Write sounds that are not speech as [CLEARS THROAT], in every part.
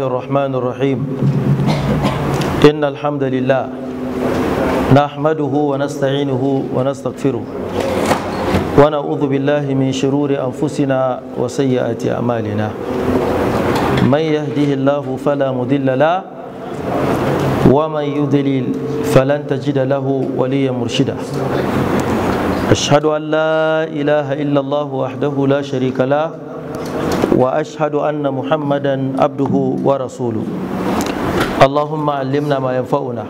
الرحمن الرحيم إن الحمد لله نحمده ونستعينه ونستغفره ونعوذ بالله من شرور أنفسنا وسيئات أعمالنا من يهده الله فلا مضل له ومن يضلل فلن تجد له وليا مرشدا أشهد أن لا إله إلا الله وحده لا شريك له واشهد ان محمدا عبده ورسوله اللهم علمنا ما ينفعنا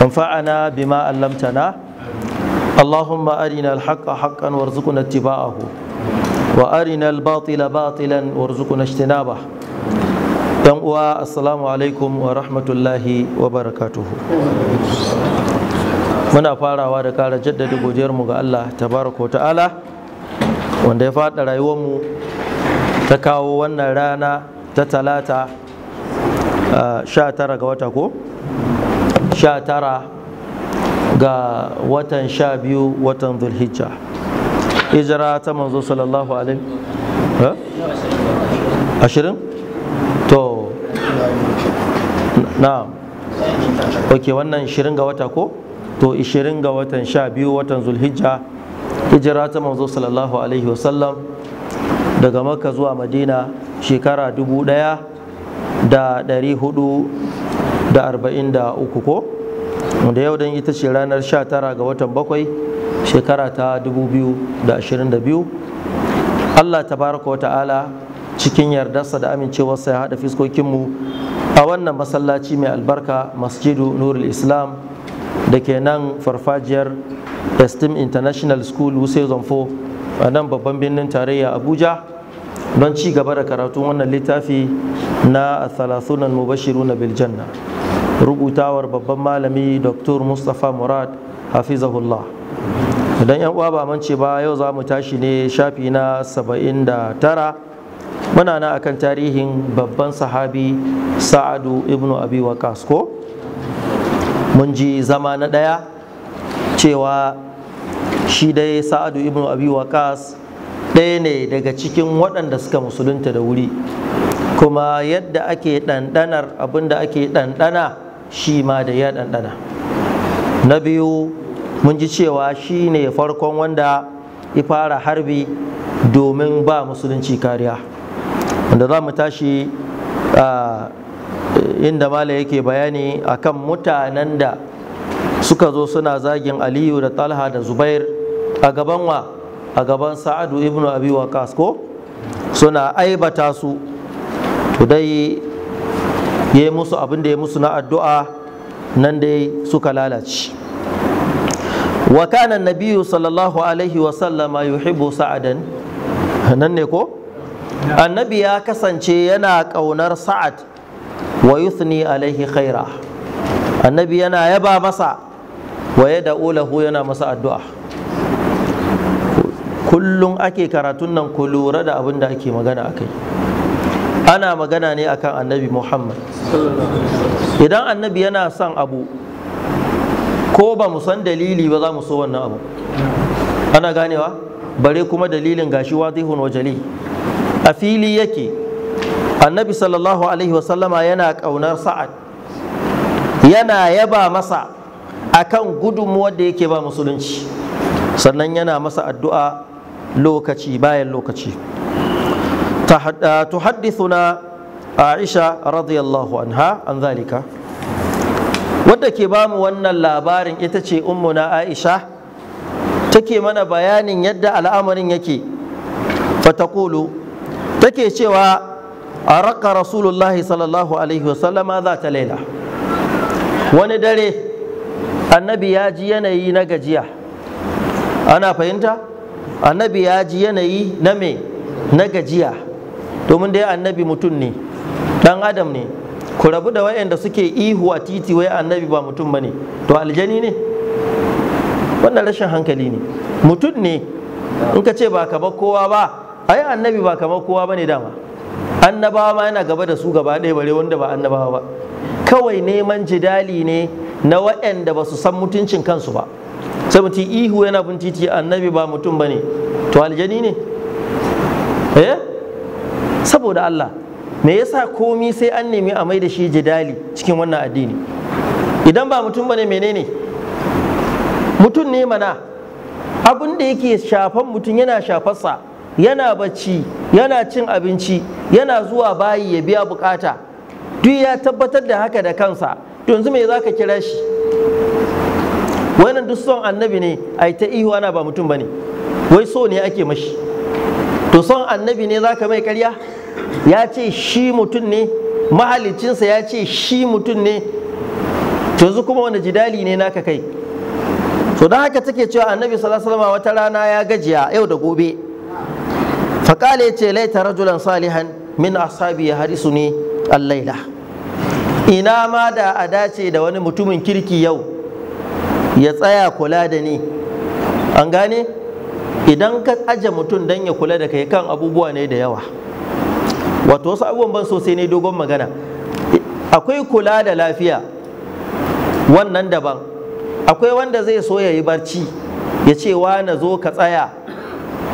وانفعنا بما علمتنا اللهم ارنا الحق حقا وارزقنا اتباعه وارنا الباطل باطلا وارزقنا اجتنابه dan uwa assalamu alaikum wa rahmatullahi wa barakatuhu muna farawa da kara jaddada godiyarmu ga Allah tabaraka wa ta'ala wanda ya faɗa rayuwarmu ta kawo wannan rana ta talata 19 ga wata ko 19 ga watan 12 watan zulhijja hijira ta manzo sallallahu alaihi ashirin to na ok wannan 20 ga wata ko to 20 ga watan 12 watan zulhijja hijira ta manzo sallallahu alaihi wasallam daga makka zuwa madina shekara dubu ɗaya da ɗari hudu da arba'in da uku ko da yau dan ita ce ranar sha tara ga watan bakwai shekara ta dubu biyu da ashirin da biyu allah tabaraka wa ta'ala cikin yardarsa da amincewarsa ya haɗa fiskokinmu a wannan masallaci mai albarka masjidu nurul islam da ke nan farfajiyar esteem international school wuse zonfo a nan babban birnin tarayya abuja don ci gaba da karatun wannan littafi na thalathunan mubashiru na biljanna rubutawar babban malami dr mustapha murad hafizahullah idan yan uwa ba mance ba yau za mu tashi ne shafi na 79 muna na akan tarihin babban sahabi sa'adu ibnu abi waqas ko mun ji zama na ɗaya cewa shi dai sa'adu ibnu abi waqas ɗaya ne daga cikin waɗanda suka musulunta da wuri kuma yadda ake ɗanɗanar abinda ake ɗanɗana shi ma da ya ɗanɗana na biyu mun ji cewa shi ne farkon wanda ya fara harbi domin ba musulunci kariya wanda za mu tashi inda mala yake bayani akan mutanen da suka zo suna zagin aliyu da talha da zubair a gabanwa. a gaban sa'adu ibn abi waqas ko suna aibata su to dai ya yi musu abin da ya musu na addu'a nan dai suka lalace wa kana nabiyu sallallahu alaihi wa sallama yuhibbu sa'adan nan ne ko annabi ya kasance yana ƙaunar sa'ad wa yuthni alaihi khaira annabi yana yaba masa wa da da'ulahu yana masa addu'a kullum ake karatun nan ku lura da abin da ake magana a kai ana magana ne akan annabi muhammad idan annabi yana son abu ko ba mu san dalili ba za mu so wannan abu ana ganewa bare kuma dalilin gashi wadihun wajali a fili yake annabi sallallahu alaihi wasallama yana ƙaunar sa'ad yana yaba masa akan gudunmuwar da yake ba musulunci sannan yana masa addu'a lokaci bayan lokaci ah, tuhaddithuna Aisha radiyallahu anha an zalika wadda ke bamu wannan labarin ita ce ummuna Aisha take mana bayanin yadda al'amarin yake fatakulu take cewa a raka rasulullahi sallallahu alaihi wasallama za ta laila wani dare annabi ya ji yanayi na gajiya ana fahimta? annabi ya ji yanayi na me na gajiya domin dai annabi mutum ne dan adam ne ku rabu da wayanda suke ihu a titi wai annabi ba mutum bane to aljani ne wannan rashin hankali ne mutum ne in ka ce ba kamar kowa ba ai annabi ba kamar kowa bane dama annabawa ma yana gaba da su gaba ɗaya bare wanda ba annabawa ba kawai neman jidali ne na wayanda ba su san mutuncin kansu ba sai mutum ihu yana bin titi annabi ba mutum ba ne to aljani ne eh saboda Allah me yasa komi sai an nemi a mai da shi jidali cikin wannan addini idan ba mutum bane menene mutum ne mana abin da yake shafan mutum yana shafarsa yana bacci yana cin abinci yana zuwa bayi ya biya bukata duk ya tabbatar da haka da kansa yanzu me za ka kira shi duk son annabi ne a yi ta ihu ana ba mutum bane wai so ne ake mashi to son annabi ne za ka mai karya ya ce shi mutum ne mahalicinsa ya ce shi mutum ne yanzu kuma wani jidali ne naka kai to don haka take cewa annabi sallallahu wata rana ya gajiya yau da gobe faƙale ya ce laita rajulan salihan min asabi ya su ne allaila ina ma da a dace da wani mutumin kirki yau ya tsaya kula da ni an gane idan ka aje mutum don ya kula da kai kan abubuwa ne da yawa wato wasu abubuwan ban sosai ne dogon magana akwai kula da lafiya wannan daban akwai wanda zai so ya yi barci ya ce wa na zo ka tsaya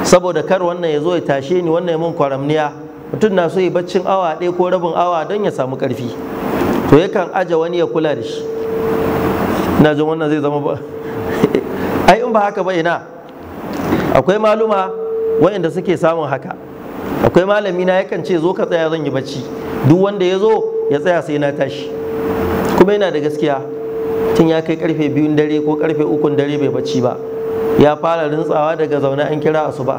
saboda kar wannan ya zo ya tashe ni wannan ya mun kwaramniya mutum na so ya barcin awa ɗaya ko rabin awa don ya samu ƙarfi to yakan aje wani ya kula da shi ina jin wannan zai zama ba ai in ba haka ba ina akwai maluma wayanda suke samun haka akwai malami na yakan ce zo ka tsaya zan yi bacci duk wanda ya zo ya tsaya sai na tashi kuma yana da gaskiya tun ya kai karfe biyun dare ko karfe ukun dare bai bacci ba ya fara rintsawa daga zaune an kira asuba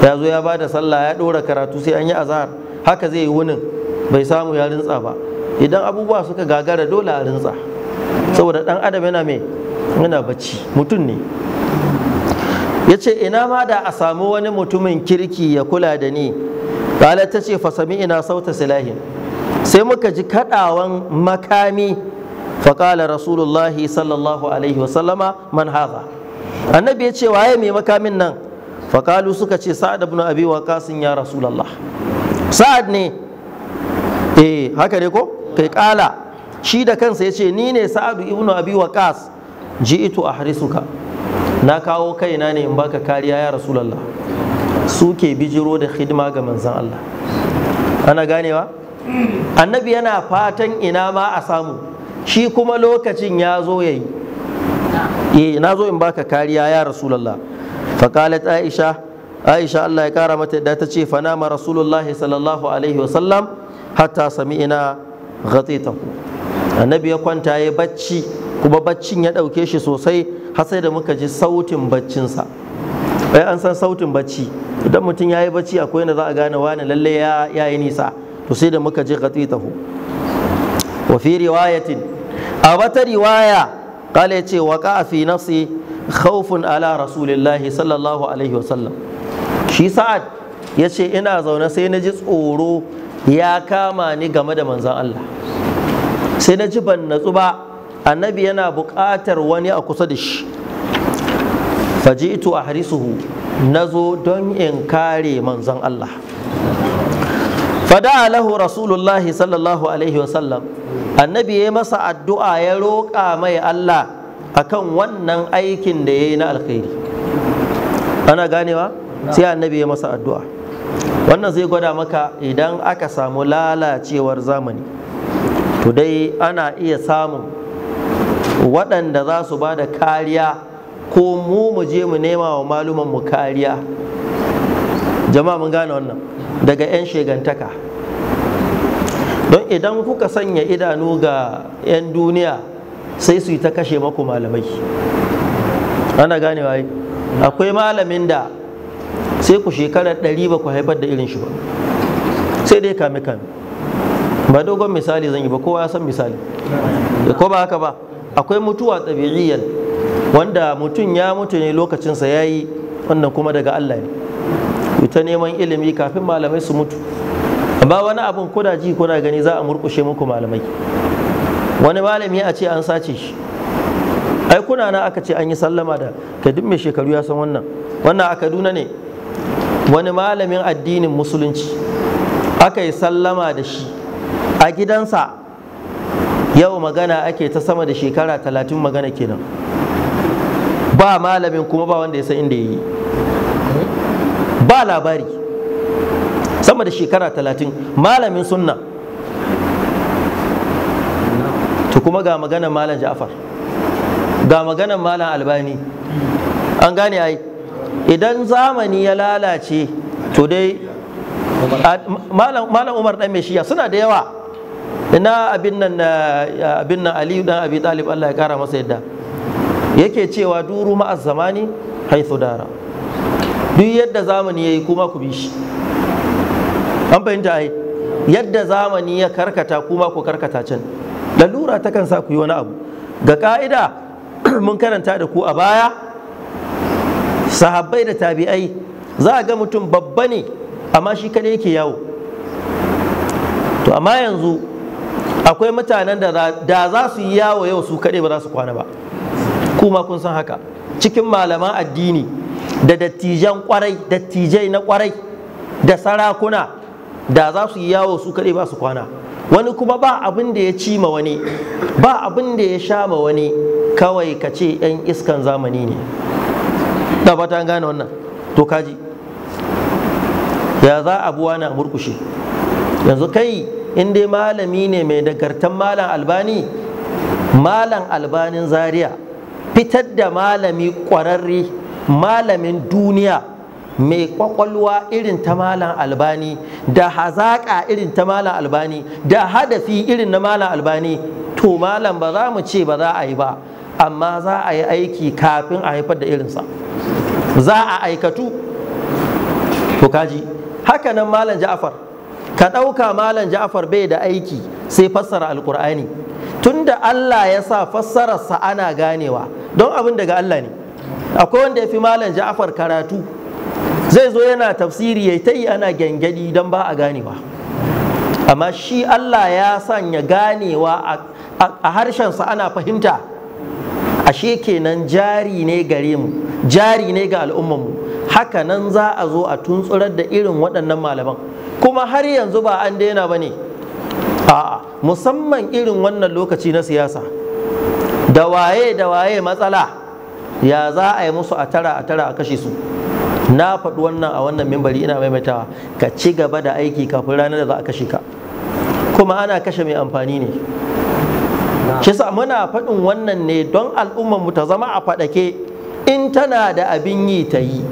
ya zo ya bada sallah ya ɗora karatu sai an yi azahar haka zai yi wunin bai samu ya rintsa ba idan abubuwa suka gagara dole a rintsa saboda dan adam yana mai yana bacci mutum ne ya ce ina ma da a samu wani mutumin kirki ya kula da ni kala ta ce fasami ina sauta silahin sai muka ji kaɗawan makami faƙala rasulullahi sallallahu alaihi wasallama man haza annabi ya ce waye mai makamin nan faƙalu suka ce sa'ad ibn abi waqasin ya rasulallah sa'ad ne eh haka ne ko kai kala. shi da kansa ya ce ni ne sa'adu ibnu abi waqas ji'itu ahrisuka na kawo kaina ne in baka kariya ya rasulullah suke bijiro da hidima ga manzon Allah ana ganewa annabi yana fatan ina ma a samu shi kuma lokacin ya zo yayi eh na zo in baka kariya ya rasulullah faqalat aisha aisha Allah ya kara mata da ta ce fanama rasulullahi sallallahu alaihi wasallam hatta sami sami'ina ghatitahu annabi ya kwanta ya bacci kuma baccin ya ɗauke shi sosai har sai da muka ji sautin baccinsa ai an san sautin bacci idan mutum ya yi bacci akwai na za a gane wani lalle ya yi nisa to sai da muka ji qatitahu wa fi riwayatin a wata riwaya kala ya ce waka fi nafsi khawfun ala rasulillahi sallallahu alaihi wasallam shi sa'ad ya ce ina zaune sai na ji tsoro ya kama ni game da manzon Allah sai na ji ban natsu ba annabi yana buƙatar wani a kusa da shi faji'tu na zo don in kare manzon Allah fada lahu rasulullah sallallahu alaihi wasallam annabi ya masa addu'a ya roƙa mai Allah akan wannan aikin da yayi na alkhairi ana ganewa sai annabi ya masa addu'a wannan zai gwada maka idan aka samu lalacewar zamani to dai ana iya samun waɗanda za su ba da kariya ko mu mu je mu nema wa maluman mu kariya jama'a mun gane wannan daga 'yan shegantaka don idan kuka sanya idanu ga 'yan duniya sai su yi ta kashe maku malamai ana ganewa yi akwai malamin da sai ku shekarar ɗari ba ku haifar da irin shi ba sai dai kame kame ba dogon misali zan yi ba kowa ya san misali ko ba haka ba akwai mutuwa tabi'iyyar wanda mutum ya mutu ne lokacinsa ya yi wannan kuma daga Allah ne Ita neman ilimi kafin malamai su mutu ba wani abin kuna ji kuna gani za a murkushe muku malamai wani malami a ce an sace shi ai kuna na aka ce an yi sallama da ka duk mai shekaru ya san wannan wannan a kaduna ne wani malamin addinin musulunci aka yi sallama da shi a gidansa yau magana ake ta sama da shekara talatin magana kenan ba malamin kuma ba wanda ya san inda ya yi ba labari sama da shekara talatin malamin sunna to kuma ga maganar malam ja'far ga maganar malam albani an gane ai idan zamani ya lalace to dai malam umar dan mai shiya suna da yawa ina abin nan eh, abin nan aliyu dan abi talib Allah ya kara masa yadda yake cewa duru ma zamani haithu dara duk yadda zamani yayi kuma ku bi shi an fahimta ai yadda zamani ya karkata kuma ku karkata can lalura ta kan sa ku yi wani abu ga ka'ida [CLEARS THROAT] mun karanta da ku a baya sahabbai da tabi'ai za a ga mutum babba ne amma shi kadai yake yawo to amma yanzu akwai mutanen da da za su yi yawo yau su kadai ba za su kwana ba kuma kun san haka cikin malaman addini da dattijan kwarai dattijai na kwarai da sarakuna da za su yi yawo su kadai ba su kwana wani kuma ba abin da ya ci ma wani ba abin da ya sha ma wani kawai ka ce 'yan iskan zamani ne da fata gane wannan to kaji ya za a buwa na murkushe yanzu kai in dai malami ne mai dagartan malam albani malam albanin zaria fitar da malami ƙwararre malamin duniya mai kwakwalwa irin ta malam albani da hazaƙa irin ta malam albani da hadafi irin na malam albani to malam ba za mu ce ba za a yi ba amma za a yi aiki kafin a haifar da irinsa za a aikatu to kaji haka nan malam ja'far ka ɗauka malam ja'far bai da aiki sai fassara alkur'ani tunda Allah ya sa fassararsa ana ganewa don abin daga Allah ne akwai wanda ya fi malam ja'far karatu zai zo yana tafsiri ya ta ana gyangyaɗi don ba a ganewa amma shi Allah ya sanya ganewa a harshen harshensa ana fahimta ashe kenan jari ne gare mu jari ne ga al'ummanmu haka nan za a zo a tuntsurar da irin waɗannan malaman kuma har yanzu ba an daina ba ne a'a musamman irin wannan lokaci na siyasa da waye da waye matsala ya za a yi musu a tara a tara a kashe su na faɗi wannan a wannan mimbari ina maimaitawa ka ci gaba da aiki kafin ranar da za a kashe ka kuma ana kashe mai amfani ne Kisa muna faɗin wannan ne don al'ummar mu ta zama a faɗake in tana da abin yi ta yi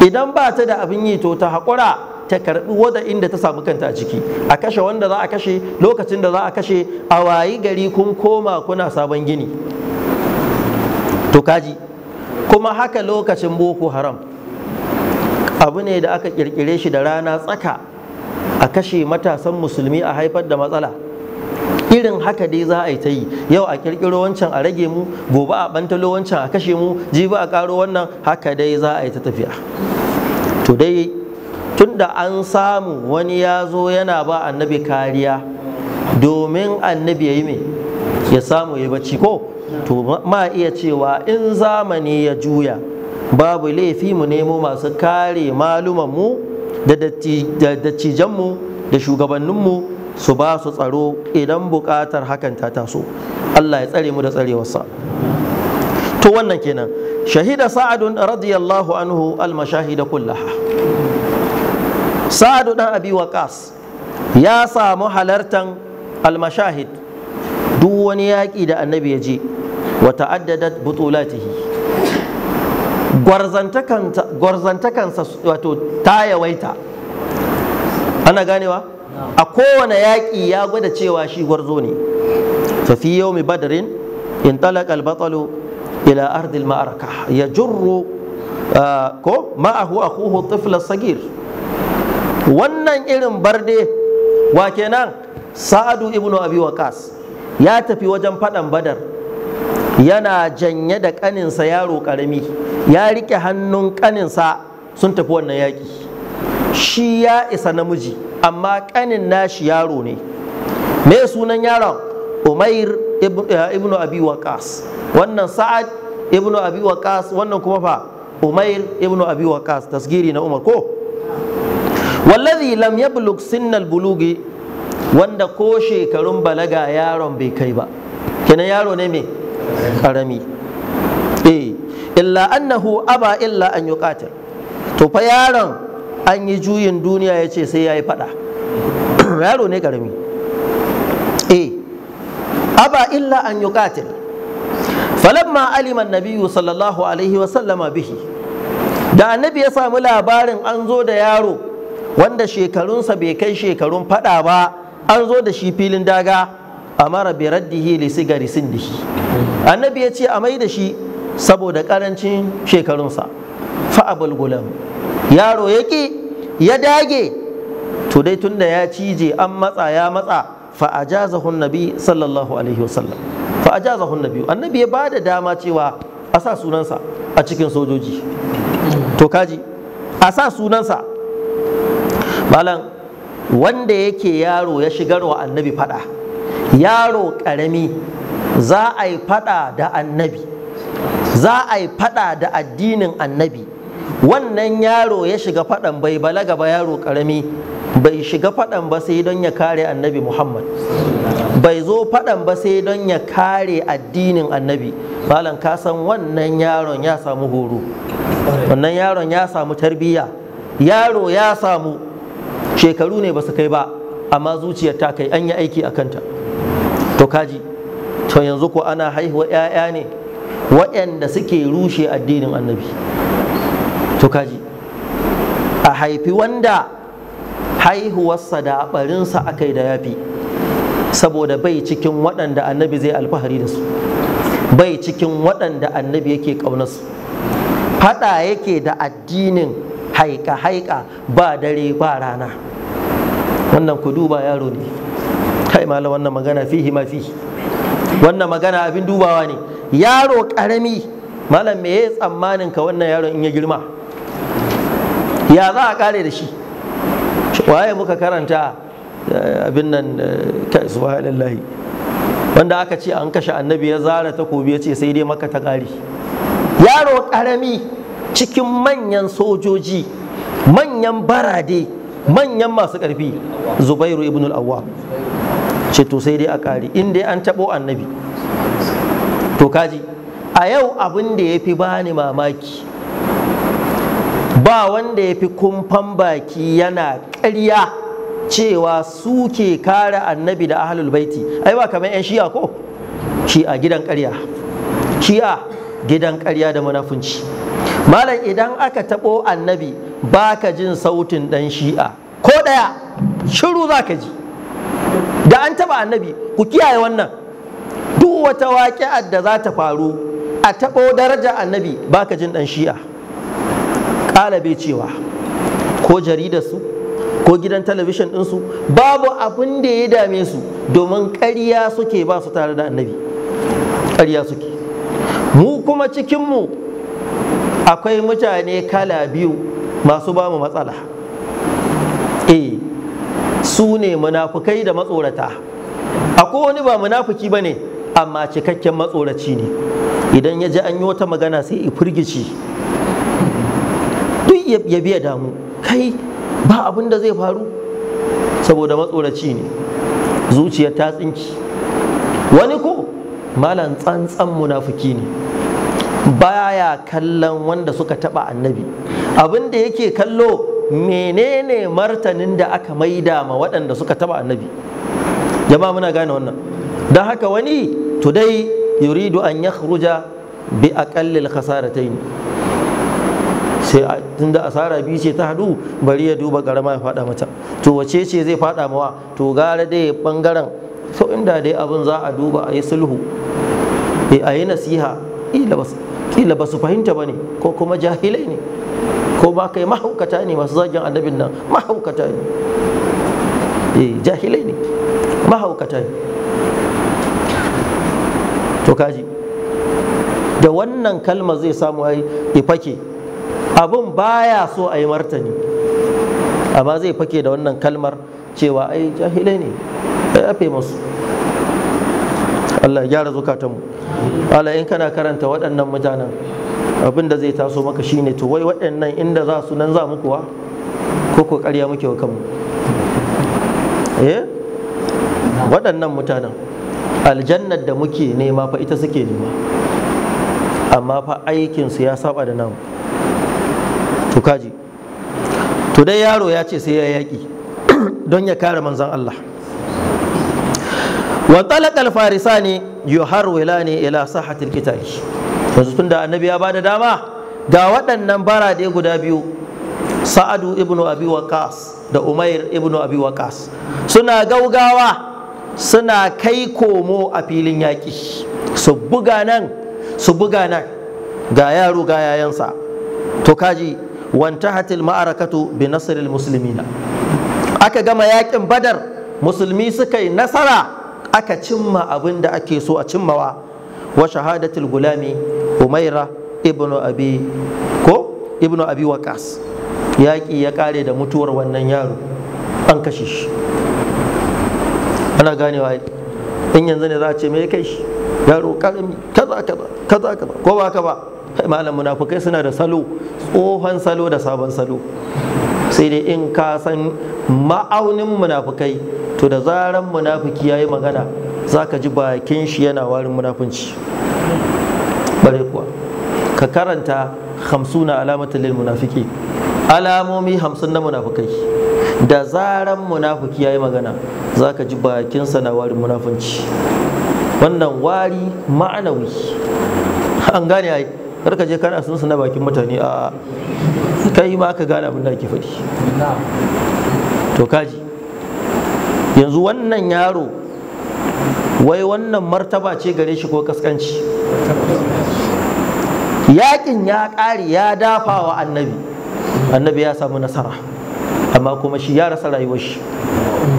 idan ba ta da abin yi to ta haƙura ta karɓi wada inda ta samu kanta a ciki a kashe wanda za a kashe lokacin da za a kashe a wayi gari kun koma kuna sabon gini to kaji kuma haka lokacin boko haram abu ne da aka ƙirƙire shi da rana tsaka a kashe matasan musulmi a haifar da matsala irin haka dai za a yi ta yi yau a kirkiro wancan a rage mu gobe a bantalo wancan a kashe mu jibi a karo wannan haka dai za a yi ta tafiya to dai tun da an samu wani ya zo yana ba annabi kariya domin annabi ya yi mai ya samu ya bacci ko to ma iya cewa in zamani ya juya babu laifi mu nemo masu kare malumanmu da dattijanmu da shugabanninmu su ba su tsaro idan buƙatar hakan ta taso Allah ya tsare mu da tsarewarsa to wannan kenan shahida sa'adun radiyallahu anhu mashahida kullaha sa'adu dan abi waqas ya samu halartan almashahid duk wani yaƙi da annabi ya je wa ta'addadat butulatihi gwarzantakansa wato ta yawaita ana ganewa a kowane yaƙi ya gwada cewa shi gwarzo ne fa fi yawmi badrin in talakal al-batalu ila ardi al Ya yajurru ah, ko ma'ahu akhuhu tifla sagir wannan irin barde wa kenan sa'adu ibnu abi waqas ya tafi wajen faɗan badar yana janye da ƙaninsa yaro ƙarami ya rike hannun ƙaninsa sun tafi wannan yaƙi shi ya isa namiji amma ƙanin nashi yaro ne me sunan yaron umair ibnu eh, abi waqas wannan sa'ad ibnu abi waqas wannan kuma fa umair ibnu abi waqas tasgiri na umar ko wallazi lam yablug sinnal bulugi wanda ko shekarun balaga yaron bai kai ba kenan yaro ne me karami eh illa annahu aba illa an yuqatil to fa yaron an yi juyin duniya ya ce sai ya yi faɗa [CLEARS THROAT] yaro ne karami eh aba illa an yi katil falamma aliman nabiyu sallallahu alaihi wasallama bihi da annabi ya samu labarin an zo da yaro wanda shekarunsa bai kai shekarun faɗa ba an zo da shi filin daga amara bi raddihi li sigari sindihi annabi ya ce a mai da shi saboda ƙarancin shekarunsa fa'abul gulam yaro ya ƙi ya dage to dai tunda ya cije an matsa ya matsa fa ajazahu nabi sallallahu alaihi wasallam fa ajazahu nabi annabi ya bada dama cewa a sa sunansa a cikin sojoji to kaji a sa sunansa malam wanda yake yaro ya shigar wa annabi fada yaro karami za a yi fada da annabi za a yi fada da addinin annabi wannan yaro ya shiga faɗan bai balaga ba yaro ƙarami bai shiga faɗan ba sai don ya kare annabi muhammad bai zo faɗan ba sai don ya kare addinin annabi malam ka san wannan yaron ya samu horo wannan yaron ya samu tarbiyya yaro ya samu shekaru ne ba su kai ba amma zuciyar ta kai an yi aiki a kanta to kaji to yanzu ko ana haihuwa 'ya'ya ne waɗanda suke rushe addinin annabi to kaji a haifi wanda haihuwarsa da barinsa aka yi da yafi saboda bai cikin waɗanda annabi zai alfahari da su bai cikin waɗanda annabi yake ƙaunarsu faɗa yake da addinin haika-haika ba dare ba rana wannan ku duba yaro ne kai mala wannan magana fihi ma fihi wannan magana abin dubawa ne yaro ƙarami malam me ya tsammanin ka wannan yaron in ya girma ya za a kare da shi waye muka karanta eh, abin nan eh, kai subhanallahi wanda aka ce an kashe annabi ya zara takobi ya ce sai dai maka ta kare yaro karami cikin manyan sojoji manyan barade manyan masu karfi zubairu ibn al-awwa ce to sai dai a kare in an tabo annabi to kaji a yau abin da ya fi bani mamaki ba wanda ya fi kumfan baki yana ƙarya cewa suke kare annabi da ahalul baiti ai ba kamar 'yan shi'a ko shi'a gidan ƙarya shi'a gidan ƙarya da munafunci malam idan aka taɓo annabi ba ka jin sautin ɗan shi'a ko ɗaya shiru za ka ji da an taɓa annabi ku kiyaye wannan duk wata waƙi'ar da za ta faru a taɓo daraja annabi ba ka jin ɗan shi'a ƙala cewa ko su ko gidan talabishin ɗinsu babu abin da ya dame su domin ƙarya suke ba su tare da annabi ƙarya suke mu kuma cikinmu akwai mutane kala biyu masu ba mu matsala e su ne munafukai da matsorata akwai wani ba munafuki ba ne amma cikakken matsoraci ne idan ya ji an yi wata magana sai i firgici ya biya damu kai ba abin da zai faru saboda matsoraci ne zuciyar ta tsinki wani ko malam tsantsan munafuki ne baya kallon wanda suka taba annabi abin da yake kallo menene martanin da aka maida ma waɗanda suka taba annabi jama'a muna gane wannan don haka wani today yuridu an yakhruja bi aqallil khasaratayn sai tunda asara biyu ce ta hadu bari ya duba karama ya fada mata to wace ce zai fada mawa to gara dai bangaren so inda dai abin za a duba a yi sulhu eh, a yi nasiha kila ba su fahimta ba ne ko kuma jahilai ne ko ba kai mahaukata ne masu zagin annabin nan mahaukata ne eh, jahilai ne mahaukata ne to kaji da wannan kalma zai samu ya fake abin baya so a yi martani amma zai fake da wannan kalmar cewa ai jahilai ne ya yafe musu Allah ya gyara zukatanmu Allah in kana karanta waɗannan mutanen abin da zai taso maka shine to wai waɗannan inda za su nan za mu kuwa ko ko ƙarya muke wa kanmu eh waɗannan mutanen aljannar da muke nema fa ita suke nema amma fa aikinsu ya saba da namu to kaji to dai yaro ya ce sai ya yaƙi [CLEARS THROAT] don ya kare manzan Allah wa talaqal farisani ne ila sahatil qitali yanzu tunda annabi ya bada dama ga waɗannan barade guda biyu sa'adu ibnu abi waqas da umair ibnu abi waqas suna gaugawa suna kai komo a filin yaƙi su buga nan su buga nan ga yaro ga yayansa to kaji wantahatil ma'arakatu bi nasril muslimina aka gama yakin badar musulmi suka yi nasara aka cimma abin da ake so a cimmawa wa shahadatul gulami umaira ibnu abi ko ibnu abi waqas yaƙi ya ƙare da mutuwar wannan yaro an kashe shi ana ganewa in yanzu ne za a ce me kai shi yaro kaza kaza kaza kaza ko ba ka ba malam munafukai suna da salo tsohon salo da sabon salo sai dai in ka san ma'aunin munafukai to da zaran munafuki yi magana za ka ji bakin shi yana warin munafunci bare kuwa ka karanta hamsuna alamatin lil munafiki alamomi hamsin na munafukai da zaran munafuki yi magana za ka ji bakinsa na warin munafunci wannan wari ma'anawi an gane ai kar ka je kana sun na bakin mutane a kai ma ka gane abin da ake faɗi to kaji yanzu wannan yaro wai wannan martaba ce gare shi ko kaskanci yakin ya ƙare ya dafa wa annabi annabi ya samu nasara amma kuma shi ya rasa rayuwar shi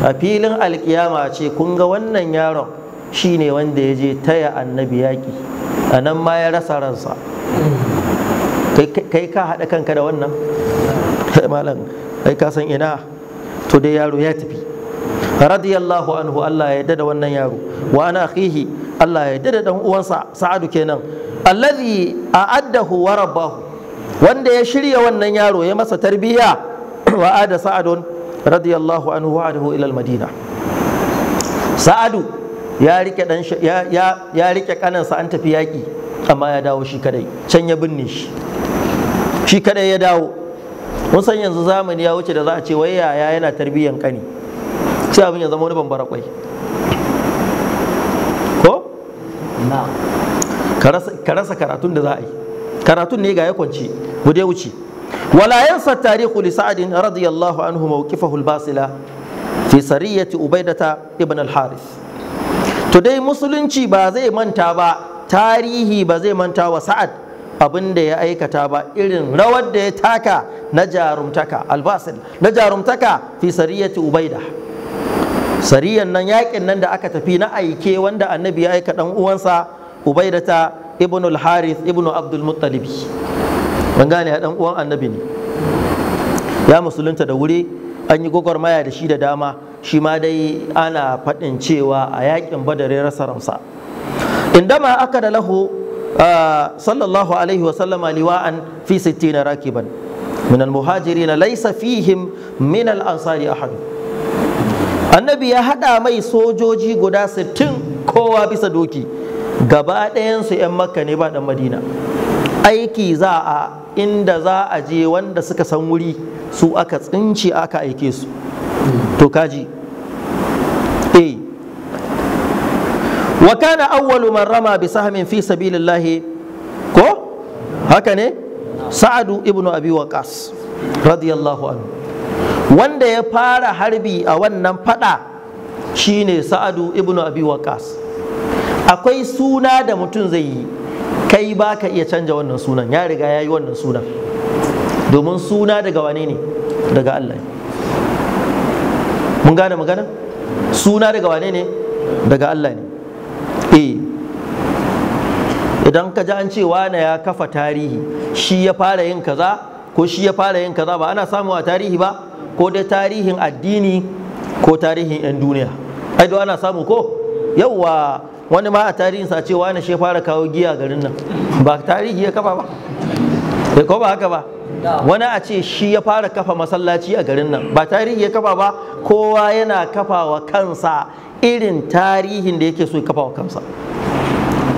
a filin alkiyama ce kun ga wannan yaron shi ne wanda ya je taya annabi yaƙi a nan ma ya rasa ransa kai ka haɗa kanka da wannan eh, malam ai ka san ina to dai yaro ya tafi radiyallahu anhu Allah ya yarda da wannan yaro wa ana akhihi Allah ya yarda da dan uwansa Sa'adu kenan allazi a'addahu wa rabbahu wanda ya shirya wannan yaro ya masa tarbiyya [CLEARS THROAT] wa ada sa'adun radiyallahu anhu wa'adahu adahu ila madina sa'adu ya rike dan ya ya, ya rike kanansa an tafi yaki amma ya dawo shi kadai can ya binne shi shi kadai ya dawo mun san yanzu zamani ya wuce da za a ce wai yaya yana tarbiyyan kani sai abin ya zama wani bambara kwai ko ka rasa karatun da za a yi karatun ne ga ya kwanci mu wuce wala sa tarihu li sa'adin radiyallahu anhu mawqifahu al-basila fi sariyati ubaidata ibn al-harith to dai musulunci ba zai manta ba tarihi ba zai manta wa sa'ad abin da ya aikata ba irin rawar da ya taka na jarumtaka albasil na jarumtaka fi sariyati ubaida sariyan nan yakin nan da aka tafi na aike wanda annabi ya aika dan uwansa ubaidata ibn al-harith ibn abdul muttalib ban gane ya dan uwan annabi ne ya musulunta da wuri an yi gwagwarmaya da shi da dama shi ma dai ana faɗin cewa a yakin badar ya rasa ramsa indama aka da lahu Ah, sallallahu alaihi wasallama liwa'an fi sittina rakiban min almuhajirin laysa fihim min al-ansari ahad annabi ya hada mai sojoji guda 60 kowa bisa doki gaba ɗayansu 'yan makka ne ba ɗan madina aiki za a inda za a je wanda suka san wuri su aka tsinci aka aike su to kaji wa kana awwalu man rama bi sahmin fi sabilillahi ko haka ne sa'adu Ibn abi waqas radiyallahu anhu wanda ya fara harbi a wannan fada shine sa'adu Ibn abi waqas akwai suna da mutum zai yi kai ba ka iya canja wannan sunan ya riga ya yi wannan sunan domin suna daga wane ne daga Allah mun gane magana suna daga wane ne daga Allah ne idan ka ji an ce wane ya kafa tarihi shi ya fara yin kaza ko shi ya fara yin kaza ba ana samuwa tarihi ba ko dai tarihin addini ko tarihin 'yan duniya ai do ana samu ko yauwa wani ma a tarihin sa ce wane shi fara kawo giya garin nan ba tarihi ya kafa ba Ya eh, ko ba haka ba wani a ce shi ya fara kafa masallaci a garin nan ba tarihi ya kafa ba kowa yana kafa wa kansa irin tarihin da yake so ya kafa wa kansa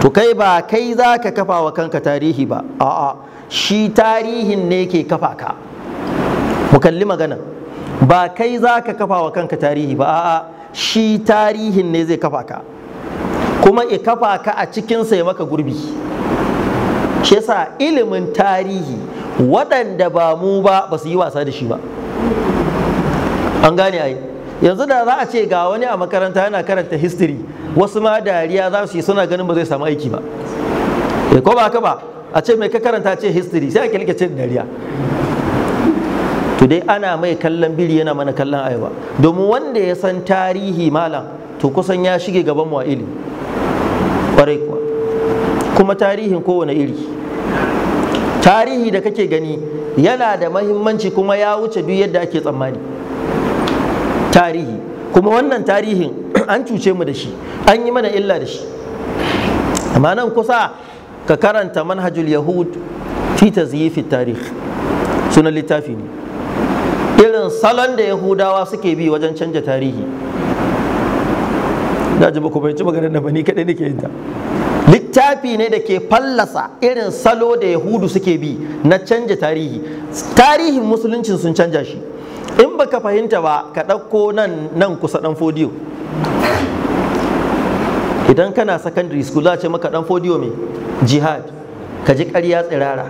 to kai ba kai za ka kafa wa kanka tarihi ba a'a shi tarihin ne ke kafa ka mu kalli magana ba kai za ka kafa wa kanka tarihi ba a'a shi tarihin ne zai kafa ka kuma ya kafa ka a cikinsa ya maka gurbi shi yasa ilimin tarihi waɗanda ba mu ba ba su yi wasa da shi ba an gane ai yanzu da za a ce ga wani a makaranta yana karanta history wasu ma dariya za su yi suna ganin ba zai samu aiki ba eh, ko ba haka ba a ce mai ka karanta ce history sai ake like ce dariya to dai ana mai kallon biri yana mana kallon ayaba domin wanda ya san tarihi malam to kusan ya shige gaban mu a ilimi kwarai kuwa kuma tarihin kowane iri tarihi da kake gani yana da mahimmanci kuma ya wuce duk yadda ake tsammani tarihi kuma wannan tarihin [CLEARS THROAT] an cuce mu da shi an yi mana illa da shi amma nan kusa ka karanta manhajul yahud fi tazyifi tarih sunan littafi ne irin salon da yahudawa suke bi wajen canja tarihi na ji ku bai ci maganar da bani kaɗai nake yin ta littafi ne da ke fallasa irin salo da yahudu suke bi na canja tarihi tarihin musuluncin sun canja shi in ba ka fahimta ba ka ɗauko nan nan kusa ɗan fodiyo idan kana secondary school za ce maka ɗan fodiyo mai jihad ka ji ƙarya tsirara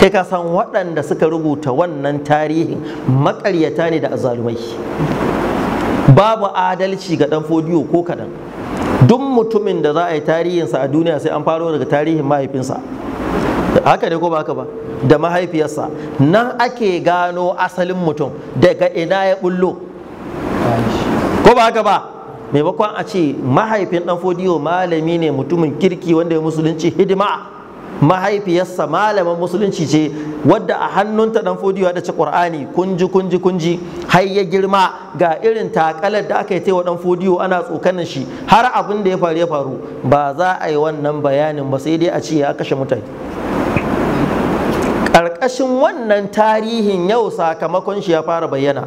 kai ka san waɗanda suka rubuta wannan tarihin makaryata ne da azalumai babu adalci ga ɗan fodiyo ko kaɗan duk mutumin da za a yi tarihinsa a duniya sai an faro daga tarihin mahaifinsa haka ne ko ba haka ba da mahaifiyarsa nan ake gano asalin mutum daga ina ya bullo ko ba haka ba maimakon a ce mahaifin dan fodiyo malami ne mutumin kirki wanda ya musulunci hidima mahaifiyarsa malaman musulunci ce wadda a hannunta dan fodiyo da ci qur'ani kunji kunji kunji har ya girma ga irin takalar da aka yi wa dan fodiyo ana tsokanin shi har abin da ya faru ya faru ba za a yi wannan bayanin ba sai dai a ce ya kashe mutane ƙarƙashin wannan tarihin yau sakamakon shi ya fara bayyana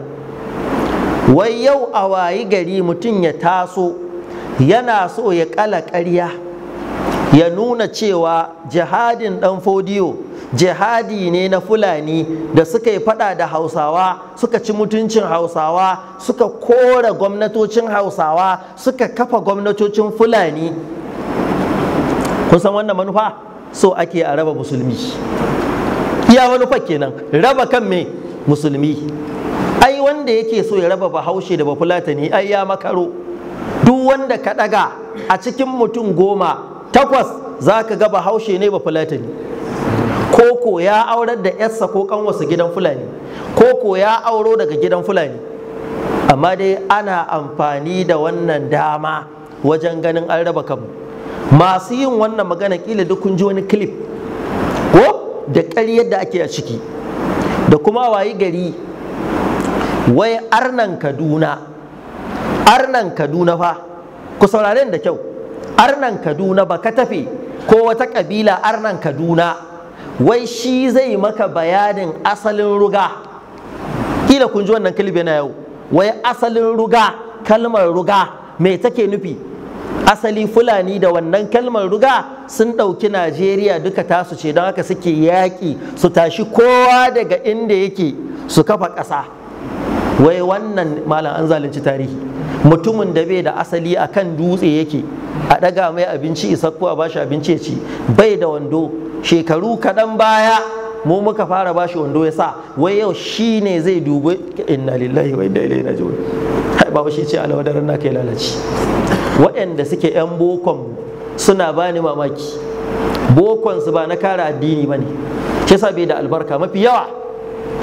wai yau a wayi gari mutum ya taso yana so ya ƙala ƙarya ya nuna cewa jihadin ɗan fodiyo jihadi ne na fulani da suka yi fada da hausawa suka ci mutuncin hausawa suka kora gwamnatocin hausawa suka kafa gwamnatocin fulani kusan wannan manufa so ake a raba musulmi iya manufar kenan raba kan me musulmi ai wanda yake so ya raba bahaushe da bafulatani ai ya makaro duk wanda ka ɗaga a cikin mutum goma takwas za ka ga bahaushe ne bafulatani koko ya aurar da yarsa ko kanwarsa gidan fulani koko ya auro daga gidan fulani amma dai ana amfani da wannan dama wajen ganin an raba kanmu masu yin wannan magana kila duk kun ji wani clip ko da ƙaryar da ake a ciki da kuma wayi gari wai arnan kaduna arnan kaduna fa ku sauraren da kyau arnan kaduna ba ka tafi ko wata ƙabila arnan kaduna wai shi zai maka bayanin asalin ruga kila kun ji wannan kalibe na yau wai asalin ruga kalmar ruga me take nufi asali fulani da wannan kalmar ruga sun ɗauki najeriya duka tasu ce don haka suke yaƙi su tashi kowa daga inda yake su kafa ƙasa wai wannan malam an zalunci tarihi mutumin da bai da asali a kan dutse yake a ɗaga mai abinci isakku a bashi abinci ya ci bai da wando shekaru kaɗan baya mu muka fara bashi wando ya sa wai yau shi ne zai dubi inna lillahi wa inna ilaihi raji'un ba shi ce alawadar naka ya lalace waɗanda suke 'yan bokon suna bani mamaki bokon su ba na kara addini ba ne shi bai da albarka mafi yawa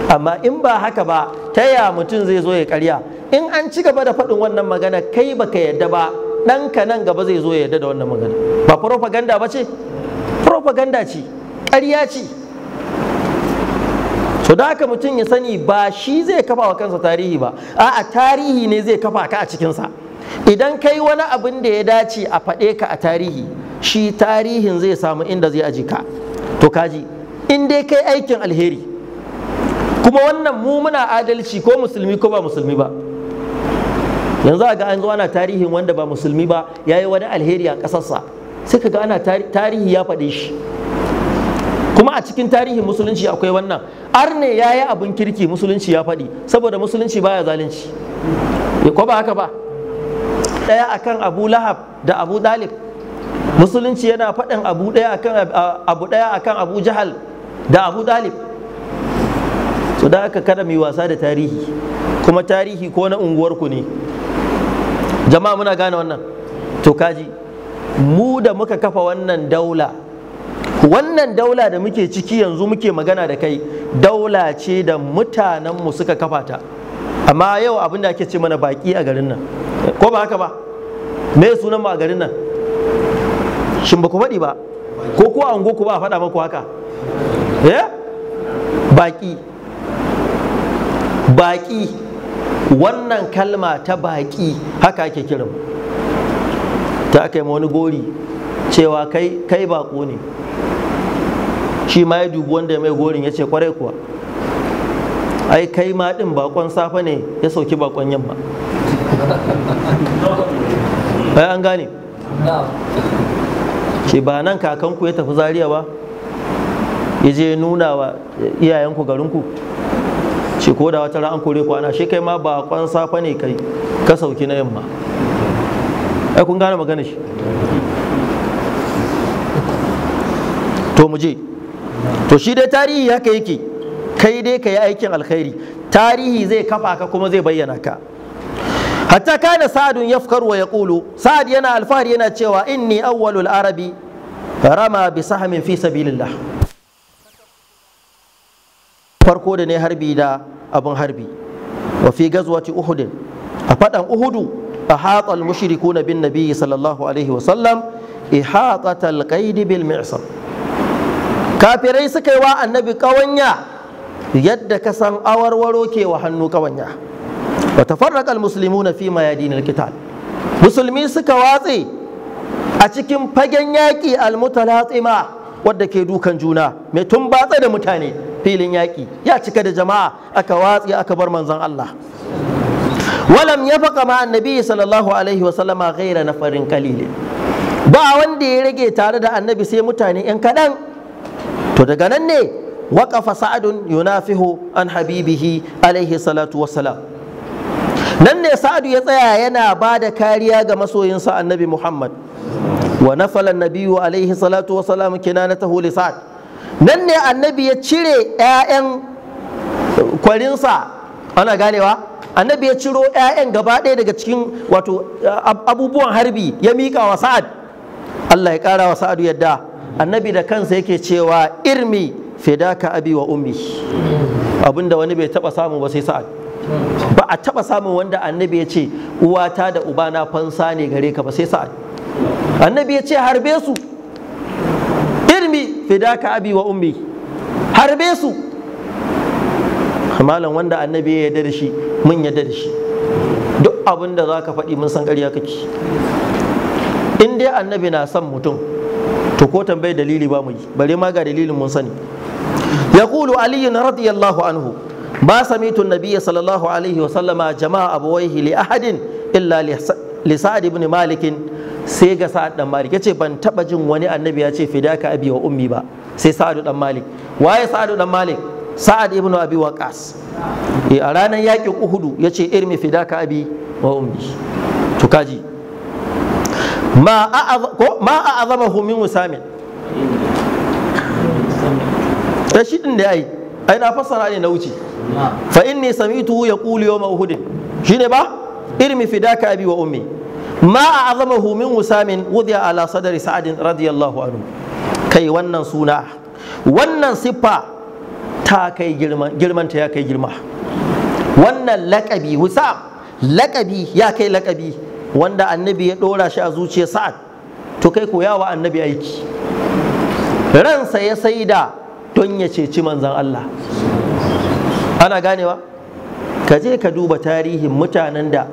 amma in ba haka ba ta ya mutum zai zo ya karya in an ci gaba da faɗin wannan magana kai ba ka yadda ba ɗanka nan gaba zai zo ya yadda da wannan magana ba propaganda ba ce propaganda ce ƙarya ce to da haka mutum ya sani ba shi zai kafa wa kansa tarihi ba a'a tarihi ne zai kafa ka a cikinsa idan kai wani abin da ya dace a faɗe ka a tarihi shi tarihin zai samu inda zai aji ka to kaji in dai kai aikin alheri kuma wannan mu muna adalci ko musulmi ko ba musulmi ba yanzu a ga an zo ana tarihin wanda ba musulmi ba ya yi wani alheri a ƙasarsa sai ka ga ana tarihi ya faɗe shi kuma a cikin tarihin musulunci akwai wannan arne ya yi abin kirki musulunci ya faɗi saboda musulunci baya zalunci eh, ko ba haka ba ɗaya akan abu lahab da abu dalib musulunci yana faɗin abu ɗaya akan abu ɗaya abu jahal da abu dalib so da aka kada mai wasa da tarihi kuma tarihi ko na unguwarku ne jama'a muna gane wannan to kaji mu da muka kafa wannan daula wannan daula da muke ciki yanzu muke magana da kai daula ce da mutanenmu suka kafa ta amma yau abin da ake ce mana baƙi a garin nan ko ba haka ba me sunan mu a garin nan shin ba ku faɗi ba ko ko a ungo ku ba a faɗa maku haka eh baki baki wannan kalma ta baƙi haka ake kiran ta aka yi wani gori cewa kai kai bako ne shi ma ya dubi wanda ya mai gorin ya ce kwarai kuwa ai kai ma din bakon safe ne ya sauki bakon yamma bai an gane ke ba nan kakanku ya tafi zariya ba ya je nuna wa iyayenku garinku ce ko da wata an kore ku ana shi kai ma kwan safa ne kai ka sauki na yamma ai kun gane magana shi to mu je to shi dai tarihi haka yake kai dai ka yi aikin alkhairi tarihi zai kafa ka kuma zai bayyana ka hatta kana sa'adun yafkar wa yaqulu sa'ad yana alfahar yana cewa inni awwalul arabi rama bi sahmin fi sabilillah farko da ne harbi da abun harbi wa fi gazwati uhud a fadan uhudu ahata al na bin nabi sallallahu alaihi wa sallam ihata qaid bil mi'sar kafirai suka yi wa annabi kawanya yadda ka san awarwaro ke wa hannu kawanya wa tafarraqa almuslimuna fi mayadinil qital musulmi suka watse a cikin fagen yaƙi ma wadda ke dukan juna mai tun batsa da mutane filin yaƙi ya cika da jama'a aka watse aka bar manzon Allah walam ya faƙa ma annabi sallallahu alaihi wa sallama ghaira na farin kalili ba wanda ya rage tare da annabi sai mutane yan kaɗan to daga nan ne waƙafa sa'adun yunafihu an habibihi alaihi salatu wassalam nan ne sa'adu ya tsaya yana ba da kariya ga masoyinsa annabi muhammad wa nafala nabiyu alaihi salatu wa salam ta li sa'ad nan ne annabi ya cire 'ya'yan kwarinsa ana ganewa annabi ya ciro 'ya'yan gaba ɗaya daga cikin wato abubuwan harbi ya miƙa wa sa'ad Allah ya ƙara wa sa'adu yadda annabi da kansa yake cewa irmi fidaka abi wa ummi abinda wani bai taɓa samu ba sai sa'ad ba a taba samun wanda annabi ya ce uwata da uba na fansa ne gare ka ba sai sa'ad annabi ya ce harbe su irmi fidaka abi wa ummi harbe su malam wanda annabi ya yarda da shi mun yarda da shi duk abin da za faɗi mun san ƙarya kake in dai annabi na son mutum to ko tambayi dalili ba mu yi bare ma ga dalilin mun sani yaqulu aliyu radiyallahu anhu ما سمعت النبي صلى الله عليه وسلم جمع أبويه لأحد إلا لسعد بن مالك sai ga sa'ad dan malik yace ban taba jin wani annabi ya ce fidaka abi wa ummi ba sai sa'ad dan malik waye sa'ad dan malik sa'ad ibn abi waqas e, a ranar yakin uhudu yace irmi fidaka abi wa ummi to kaji ma a azama min musamin da eh, shi din da ya yayi ai na fassara ne na wuce fa inni sami'tuhu yaqulu yawm uhud shine ba irmi fidaka abi wa ummi ma a'zamahu min wusamin wudiya ala sadri sa'adin radiyallahu anhu kai wannan suna wannan siffa ta kai girman ta ya kai girma wannan laƙabi wusam laƙabi ya kai laƙabi wanda annabi ya ɗora shi a zuciya sa'ad to kai yawa annabi aiki ransa ya saida don ya ceci manzan Allah ana ganewa ka je ka duba tarihin mutanen da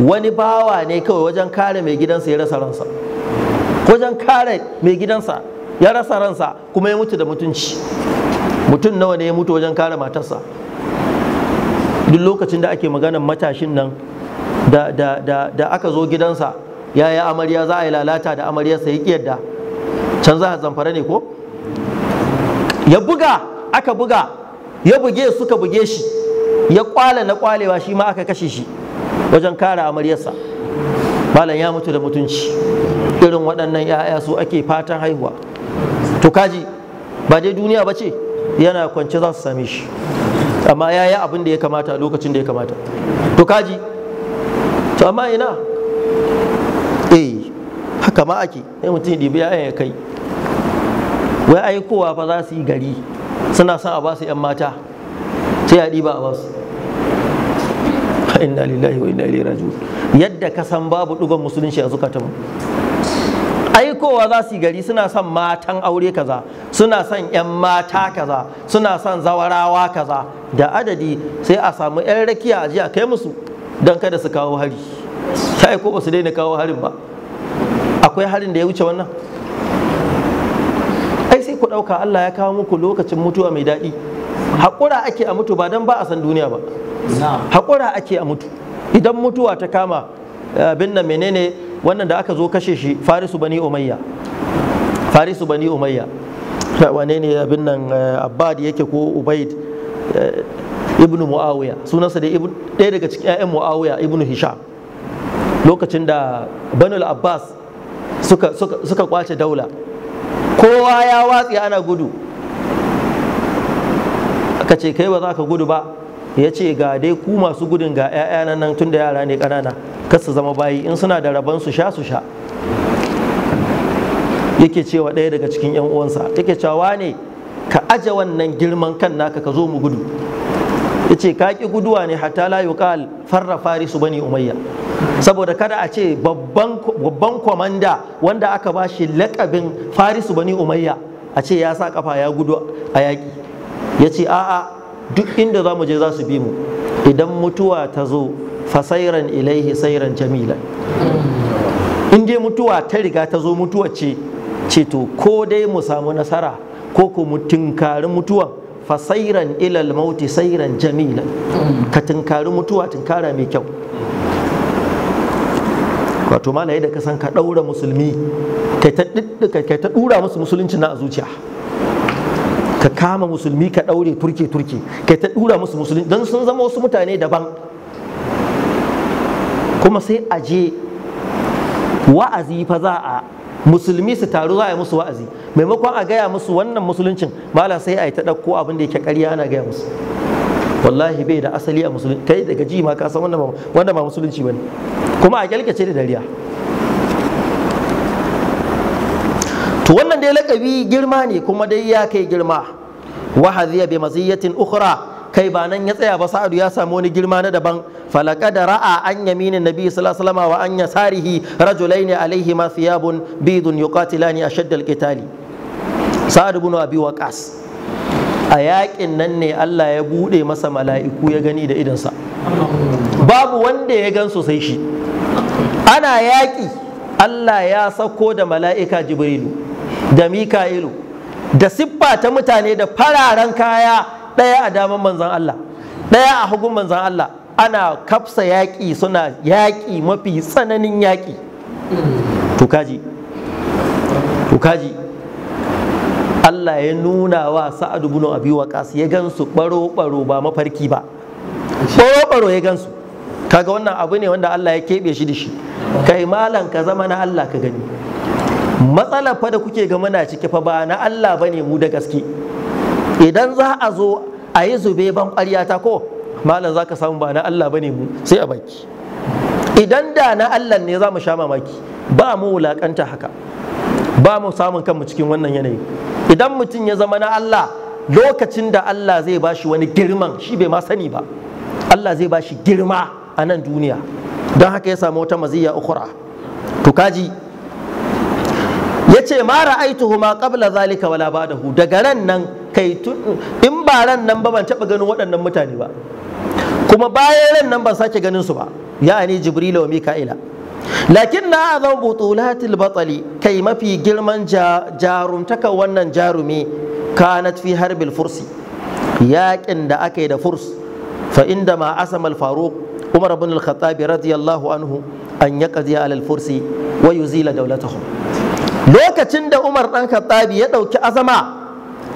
wani bawa ne kawai wajen kare mai gidansa ya rasa ransa wajen kare mai gidansa ya rasa ransa kuma ya mutu da mutunci mutum nawa ne ya mutu wajen kare matarsa duk lokacin da ake maganar matashin nan da, aka zo gidansa ya yi amarya za a yi lalata da amaryarsa ya yadda can za a zamfara ne ko ya buga aka buga ya buge suka buge shi ya kwala na kwalewa shi ma aka kashe shi wajen kare amaryarsa malam ya mutu da mutunci irin waɗannan 'ya'ya su ake fatan haihuwa to kaji ba dai duniya ba ce yana kwance za su same shi amma ya yi abin da ya kamata a lokacin da ya kamata to kaji to amma ina eh haka ma ake Ya mutum ya ɗibi ya kai wai aikowa fa za su yi gari suna son a basu 'yan mata sai a ɗiba a basu inna lillahi wa inna ilaihi yadda ka san babu ɗugon musulunci a zukatanmu aikowa za su gari suna son matan aure kaza suna son 'yan mata kaza suna son zawarawa kaza da adadi sai a samu 'yan rakiya a a kai musu don kada su kawo hari sai aiko ba su daina kawo harin ba akwai harin da ya wuce wannan ku ɗauka Allah ya kawo muku lokacin mutuwa mai daɗi haƙura ake a mutu ba don ba a san duniya ba haƙura ake a mutu idan mutuwa ta kama abin nan menene wannan da aka zo kashe shi farisu bani umayya farisu bani umayya wane ne abin nan eh, abbad yake ko ubaid eh, ibn muawiya sunansa da ɗaya daga cikin 'ya'yan muawiya ibn hisham lokacin da banul abbas suka kwace daula kowa ya watsi ana gudu aka ce kai ba za ka gudu ba ya ce ga dai ku masu gudun ga 'ya'yan nan tun da yara ne ƙanana kar su zama bayi in suna da rabon su sha su sha yake cewa ɗaya daga cikin 'yan uwansa yake cewa ne ka aje wannan girman kan naka ka zo mu gudu yace ka ki guduwa ne hatta la yuqal farra farisu bani umayya saboda kada a ce babban kwamanda wanda aka ba shi laƙabin farisu bani umayya a ce ya sa kafa ya gudu a yaƙi ya ce a'a duk inda za mu je za su bi mu idan mutuwa ta zo fasairan ilaihi sairan jamilan in dai mutuwa ta riga ta zo mutuwa ce ce to ko dai mu samu nasara ko ku mu tunkari mutuwan fasairan ilal mauti sairan jamilan ka tunkari mutuwa tunkara mai kyau wato ma da ka san ka ɗaura musulmi kai ta ɗura musu musulunci na a zuciya ka kama musulmi ka ɗaure turke turke kai ta ɗura musu musulunci don sun zama wasu mutane daban kuma sai a je wa'azi fa za a musulmi su taru za a yi musu wa'azi maimakon a gaya musu wannan musuluncin mala sai a yi ta ɗauko abin da yake ƙarya ana gaya musu wallahi bai da asali a musulunci kai daga ji ma ka san wanda ba musulunci bane kuma a kyalkace da dariya to wannan dai lakabi girma ne kuma dai ya kai girma wahaziya bi maziyatin ukhra kai ba nan ya tsaya ba sa'adu ya samu wani girma na daban falaqad ra'a an yaminin nabi sallallahu alaihi wa an yasarihi rajulaini alaihima thiyabun bidun yuqatilani ashadd a sa'ad ibn abi waqas a yaƙin nan ne Allah ya buɗe masa mala'iku ya gani da idansa babu wanda ya gan sosai shi ana yaƙi Allah ya sako da mala'ika jibrilu da mika'ilu da siffa ta mutane da fararen kaya ɗaya a daman manzan Allah ɗaya a hagun manzan Allah ana kafsa yaƙi suna yaƙi mafi tsananin yaƙi to kaji Allah ya nuna wa Sa'adu bin abi waqas ya gansu baro baro ba mafarki ba baro baro ya gansu kaga wannan abu ne wanda Allah ya keɓe shi da shi kai malam ka zama na Allah ka gani matsala fa da kuke ga muna cike fa ba na Allah bane mu da gaske idan za a zo a yi zube ban ƙwarya ta ko malam za samu ba na Allah bane mu sai a baki idan da na Allah ne za mu sha mamaki ba mu wulakanta haka ba mu samun kanmu cikin wannan yanayi idan mutum ya zama na Allah lokacin da Allah zai ba shi wani girman shi bai ma sani ba Allah zai ba shi girma a nan duniya don haka ya samu wata maziyya ukura to kaji ya ce ma ra'aituhu ma qabla zalika wala ba'dahu daga ran nan kai in ba ran nan ba ban taba ganin waɗannan mutane ba kuma bayan ran nan ban sake ganin su ba ya'ani jibrilu wa mika'ila lakin na azan butulatil batsali kai mafi girman jarumtaka wannan jarumi kanat fi harbil fursi yaƙin da aka yi da furs fa inda ma asamal faruk umar bin al-khattabi radiyallahu anhu an ya qadiya alal fursi wa yuzila lokacin da umar dan khattabi ya ɗauki azama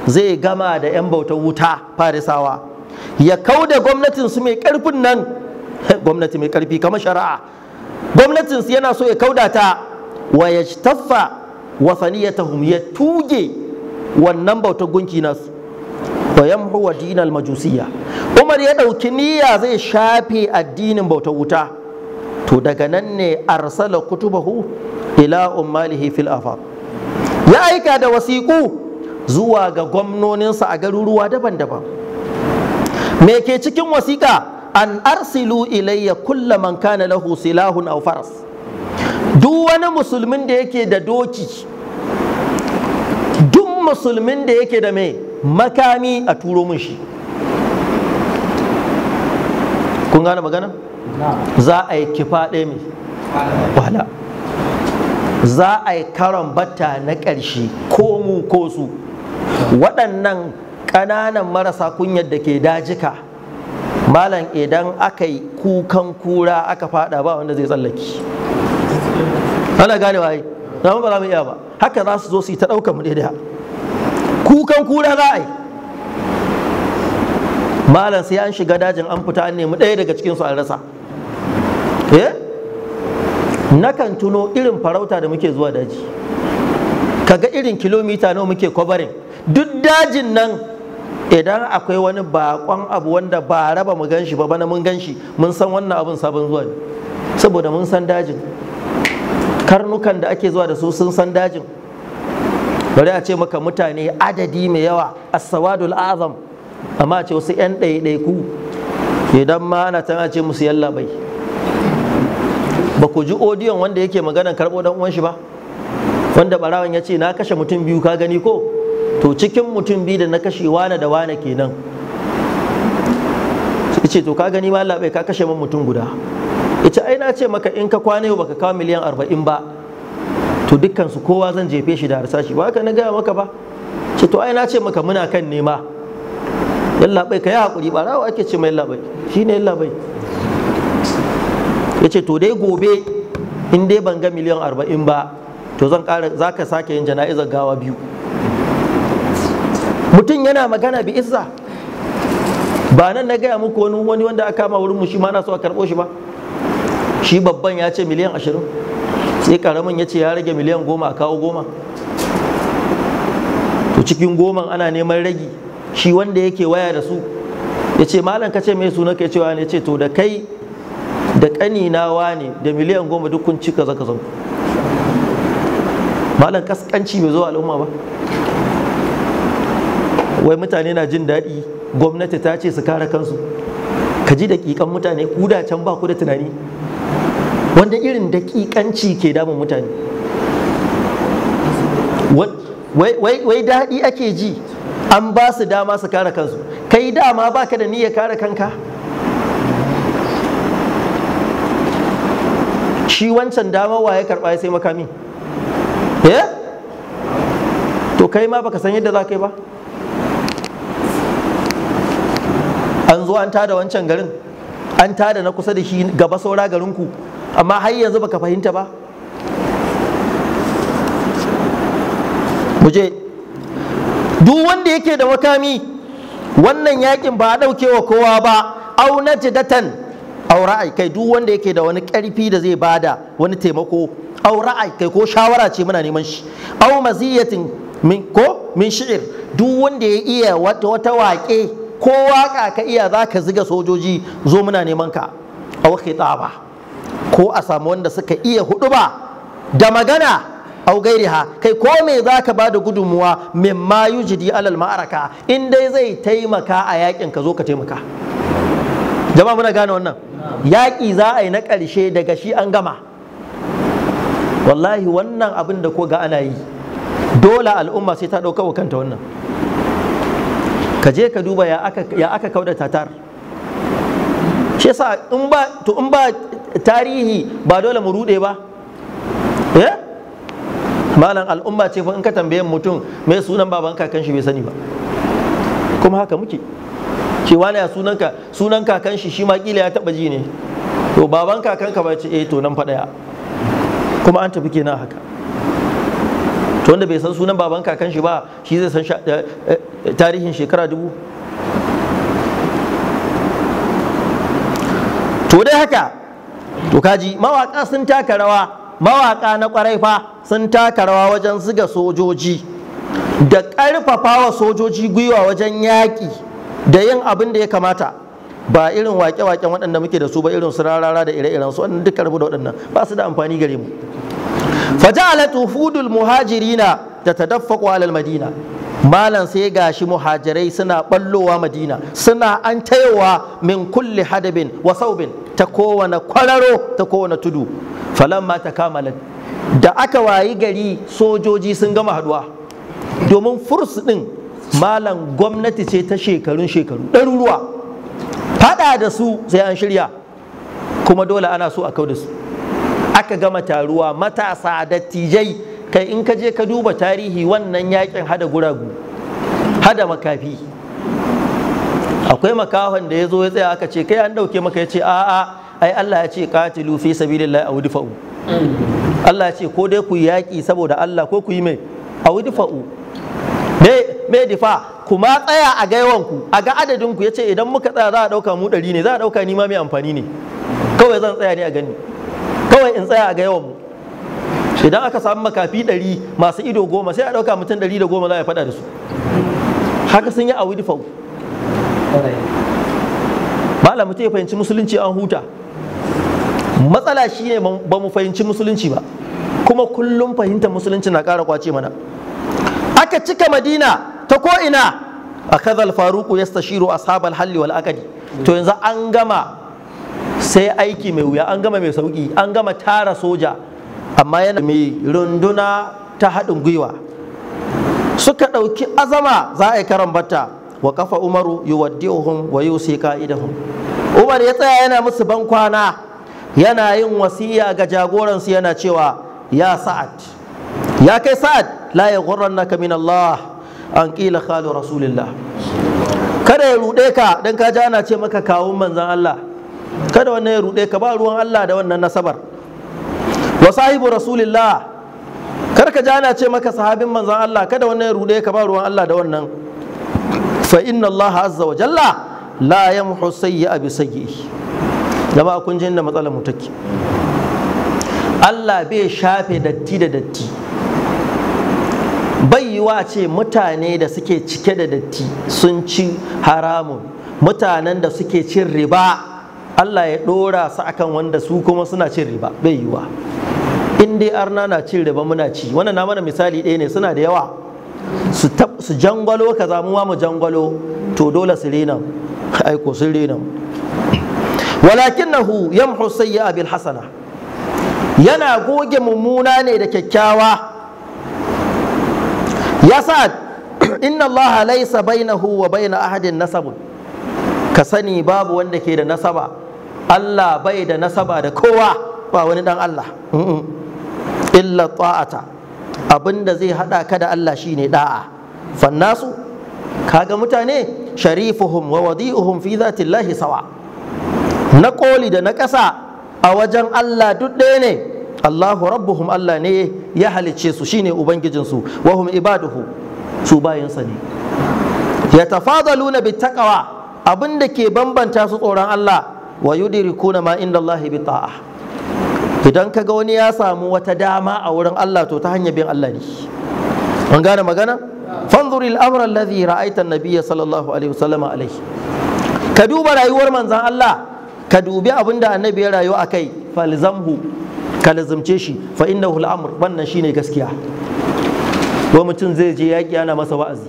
zai gama da yan bautar wuta farisawa ya kauda gwamnatin su mai karfin nan [LAUGHS] gwamnati mai karfi kamar shari'a gwamnatinsu yana so ya kaudata wa ya taffa wasaniyatahum ya tuge wannan bautar gunki nasu wa yamhu wa dinal majusiya umar ya ɗauki niyya zai shafe addinin bautar wuta to daga nan ne arsala kutubahu ila ummalihi fil afaq ya aika da wasiƙu zuwa ga gwamnoninsa a garuruwa daban-daban me ke cikin wasiƙa an arsilu ilayya kulla man kana lahu silahun aw faras duk wani musulmin da yake da doki duk musulmin da yake da mai makami a turo mun shi kun gane magana za a yi kifa ɗaya mai wala za a yi karon batta na ƙarshe ko mu ko su waɗannan ƙananan marasa kunyar da ke dajika malam idan aka yi kukan kura aka fada ba wanda zai tsallaki ana gane waye na ba za mu iya ba haka za su zo su yi ta dauka mu daidai kukan kura za a yi malam sai an shiga dajin an fita an nemi ɗaya daga cikinsu an rasa eh? nakan tuno irin farauta da muke zuwa daji kaga irin kilomita nawa muke kwabarin duk dajin nan idan akwai wani bakon abu wanda ba raba mu gan shi ba bana mun gan shi mun san wannan abin sabon zuwa ne saboda mun san dajin karnukan da ake zuwa da su sun san dajin bari a ce maka mutane adadi mai yawa as-sawadul azam amma a ce wasu 'yan ɗaiɗaiku idan ma ana tana ce musu yalla bai ba ku ji odiyon wanda yake maganar karɓo dan uwan shi ba wanda barawan ya ce na kashe mutum biyu ka gani ko to cikin mutum biyu da na kashe wane da wane kenan su ce to ka gani ma Allah bai ka kashe man mutum guda ita ai na ce maka in ka kwana ba ka kawo miliyan arba'in ba to dukkan su kowa zan jefe shi da harsashi ba haka na gaya maka ba ce to ai na ce maka muna kan nema yalla bai ka yi hakuri ba rawa ake ce mai yalla shi ne labai ya yace to dai gobe in dai ban ga miliyan arba'in ba to zan ƙara za ka sake yin jana'izar gawa biyu mutum yana magana bi izza ba nan na gaya muku wani wani wanda aka kama wurin mu shi ma na so a karɓo shi ba shi babban ya ce miliyan ashirin sai karamin ya ce ya rage miliyan goma a kawo goma to cikin goman ana neman ragi shi wanda yake waya da su ya ce malam ka ce mai suna kai cewa ne ce to da kai da ƙaninawa ne da miliyan goma duk kun ci kaza kaza malam kaskanci bai zo al'umma ba wai mutane na jin daɗi gwamnati ta ce su kare kansu ka ji daƙiƙan mutane kuda can ba ku da tunani wanda irin daƙiƙanci ke damun mutane wai daɗi ake ji an ba su dama su kare kansu kai dama baka da niyya kare kanka shi wancan dama wa ya karɓa ya sai makami eh? to kai ma baka san yadda za ka yi ba an zo an tada wancan garin an tada na kusa da shi gaba saura garinku amma har yanzu baka fahimta ba muje duk wanda yake da makami wannan yakin ba a wa kowa ba au na jidatan au ra'ayi kai duk wanda yake da wani karfi da zai bada wani taimako au ra'ayi kai ko shawara ce muna neman shi au maziyatin min ko min shi'ir duk wanda ya iya wata waƙe ko waka ka iya zaka ziga sojoji zo muna neman ka a tsaba, ko a samu wanda suka iya hudu ba da magana au ha kai ko me za ka ba da gudunmuwa ma yujidi alal ma'araka in dai zai taimaka a yakin ka zo ka taimaka jama'a muna gane wannan yaƙi za a yi na ƙarshe daga shi an gama wallahi wannan abin da ko ga ana yi dole al'umma sai ta ɗauka wa kanta wannan ka je ka duba ya aka ya aka kauda tatar shi yasa in ba to in ba tarihi ba dole mu rude ba eh malam al'umma ce fa in ka tambaye mutum me sunan baban kakan shi bai sani ba kuma haka muke ce wani ya ka sunan kakan shi shi ma kila ya taba ji ne to baban kakan ka ba ce eh to nan fa daya kuma an tafi kenan haka to wanda bai san sunan baban kakan shi ba shi zai san eh, eh, tarihin shekara dubu to dai haka to kaji mawaka sun taka rawa mawaka na kwarai fa sun taka rawa wajen ziga sojoji da ƙarfafa wa sojoji gwiwa wajen yaƙi da yin abin da ya kamata ba irin waƙe-waƙen waɗanda muke da su ba irin su rarara da ire-iren su waɗanda duka rabu da waɗannan ba su da amfani gare mu faja'alat wufudul muhajirina da tadaffaqu alal madina malam sai gashi muhajirai suna ɓallowa madina suna an tayowa min kulli hadabin wa saubin ta kowane kwararo ta kowane tudu falamma ta kamala da aka wayi gari sojoji sun gama haduwa domin furs din malam gwamnati ce ta shekarun shekaru ɗaruruwa fada da su sai an shirya kuma dole ana so a kau aka gama taruwa matasa dattijai kai in ka je ka duba tarihi wannan yakin hada guragu hada makafi akwai makahon da ya zo ya tsaya aka ce kai an dauke maka ya ce a'a ai Allah ya ce qatilu fi sabilillahi aw difa'u Allah ya ce ko dai ku yaki saboda Allah ko ku yi mai aw difa'u me difa kuma tsaya a ku a ga adadin ku yace idan muka tsaya za a dauka mu ɗari ne za a dauka ni ma mai amfani ne kawai zan tsaya ne a gani kawai in tsaya a gaiwan mu idan aka samu makafi ɗari masu ido goma sai a ɗauka mutum ɗari da goma za a faɗa da su haka sun yi a wuri fau malam mutum ya fahimci musulunci an huta matsala shi ne ba mu fahimci musulunci ba kuma kullum fahimta musulunci na ƙara kwace mana aka cika madina ta ko'ina a kazal faruku ya a sabal halli wal akadi to yanzu an gama sai aiki mai wuya an gama mai sauki an gama tara soja amma yana mai runduna ta haɗin gwiwa suka ɗauki azama za a yi karan wa kafa umaru yi wa yusi ka'idahum umar ya tsaya yana musu ban kwana yana yin wasiya ga jagoransu yana cewa ya sa'ad ya kai sa'ad la yaghurrannaka min Allah an ƙila khalu rasulillah kada ya ruɗe ka don ka ji ana ce maka kawun manzan Allah kada wannan ya ruɗe ka ba ruwan Allah da wannan nasabar wa sahibu rasulillah kar ka ji ana ce maka sahabin manzon Allah kada wannan ya rude ka ba ruwan Allah da wannan fa inna Allah azza wa jalla la yamhu sayyi'a bi sayyi'i jama'a kun ji inda matsalar mu take Allah bai shafe datti da datti bai yiwa ce mutane da suke cike da datti sun ci haramun mutanen da suke cin riba Allah ya ɗora su akan wanda su kuma suna cin riba bai yiwa in dai arna na cin riba muna ci wannan na mana misali ɗaya ne suna da yawa su su jangwalo kaza mu mu jangwalo to dole su rena [LAUGHS] aiko su rena walakinahu yamhu sayyi'a bil hasana yana goge mummuna ne da kyakkyawa ya sa [CLEARS THROAT] inna allaha laysa bainahu wa baina ahadin nasabun ka sani babu wanda ke da nasaba Allah bai da nasaba da kowa ba wani dan Allah illa ta'ata abinda zai hada ka da Allah shine da'a fannasu kaga mutane sharifuhum wa wadi'uhum fi zatillahi sawa na koli da na ƙasa a wajen Allah duk ɗaya ne Allahu rabbuhum Allah ne ya halicce su shine ubangijinsu wa hum ibaduhu su bayansa ne ya tafadaluna bi taqwa abinda ke bambanta su tsoron Allah wa yudrikuna ma inda Allah bi ta'a idan kaga wani ya samu wata dama a wurin Allah to ta hanyar bin Allah ne an gane magana fanzur al alladhi ra'aita an-nabiy sallallahu alaihi wasallam alaihi ka duba rayuwar manzon Allah ka dubi abinda annabi ya rayu akai falzamhu ka lazumce shi fa innahu al-amr wannan shine gaskiya ko mutum zai je yaƙi ana masa wa'azi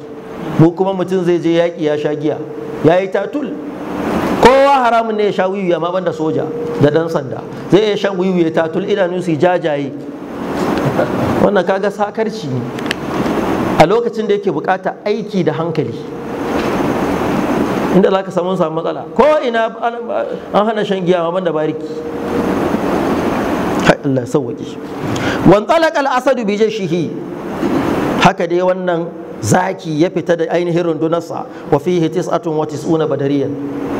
ko kuma mutum zai je yaƙi ya sha giya ya yi tatul kowa haramun ne ya sha wiwi amma banda soja da dan sanda zai iya shan wiwi ya tatul idanu su jajaye wannan kaga sakarci ne a lokacin da yake bukata aiki da hankali inda za ka samu samu matsala ko ina an hana shan giya amma banda bariki Allah sauwaki wan asadu bi jashihi haka dai wannan zaki ya fita da ainihin rundunarsa wa fihi tis'atun wa tis'una badariyan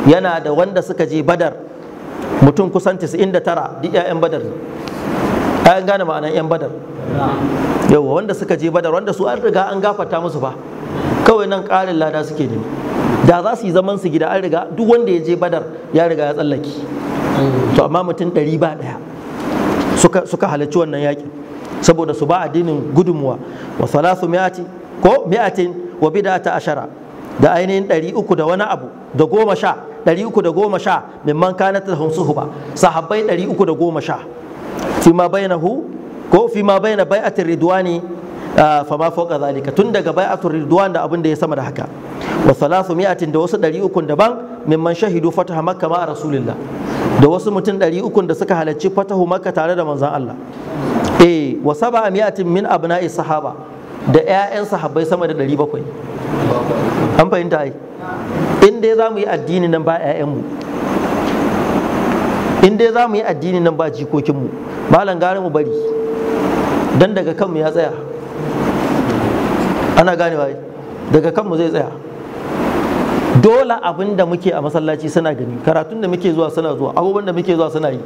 yana da wanda suka je badar mutum kusan 99 duk 'ya'yan badar an gane ma'anan 'yan badar yawa wanda suka je badar wanda su an riga an gafata musu ba kawai nan ƙarin lada suke ne da za su yi zaman su gida an riga duk wanda ya je badar ya riga ya tsallake to amma mutum ɗari ba ɗaya suka halarci wannan yaƙi saboda su ba addinin gudunmuwa wa salasu mi'ati ko mi'atin wa bid'ata ashara da ainihin ɗari uku da wani abu da goma sha ɗari uku da goma sha min man kana tahumsuhu ba sahabbai ɗari uku da goma sha fi ma hu? ko fi ma baina bai'atir ridwani fa ma fawqa zalika tun daga bai'atur ridwan da abin da ya sama da haka wa salasu mi'atin da wasu ɗari uku daban min man shahidu fataha makka ma rasulillah da wasu mutum ɗari uku da suka halarci fatahu makka tare da manzon Allah eh wa sab'a mi'atin min abna'i sahaba da 'ya'yan sahabbai sama da 700 an fahimta ai in dai za mu yi addini nan ba 'ya'yanmu in dai za mu yi addini nan ba jikokinmu malam langare mu bari dan daga kanmu ya tsaya ana gane ba daga kanmu zai tsaya dole abin da muke a masallaci suna gani karatun da muke zuwa suna zuwa abubuwan da muke zuwa suna yi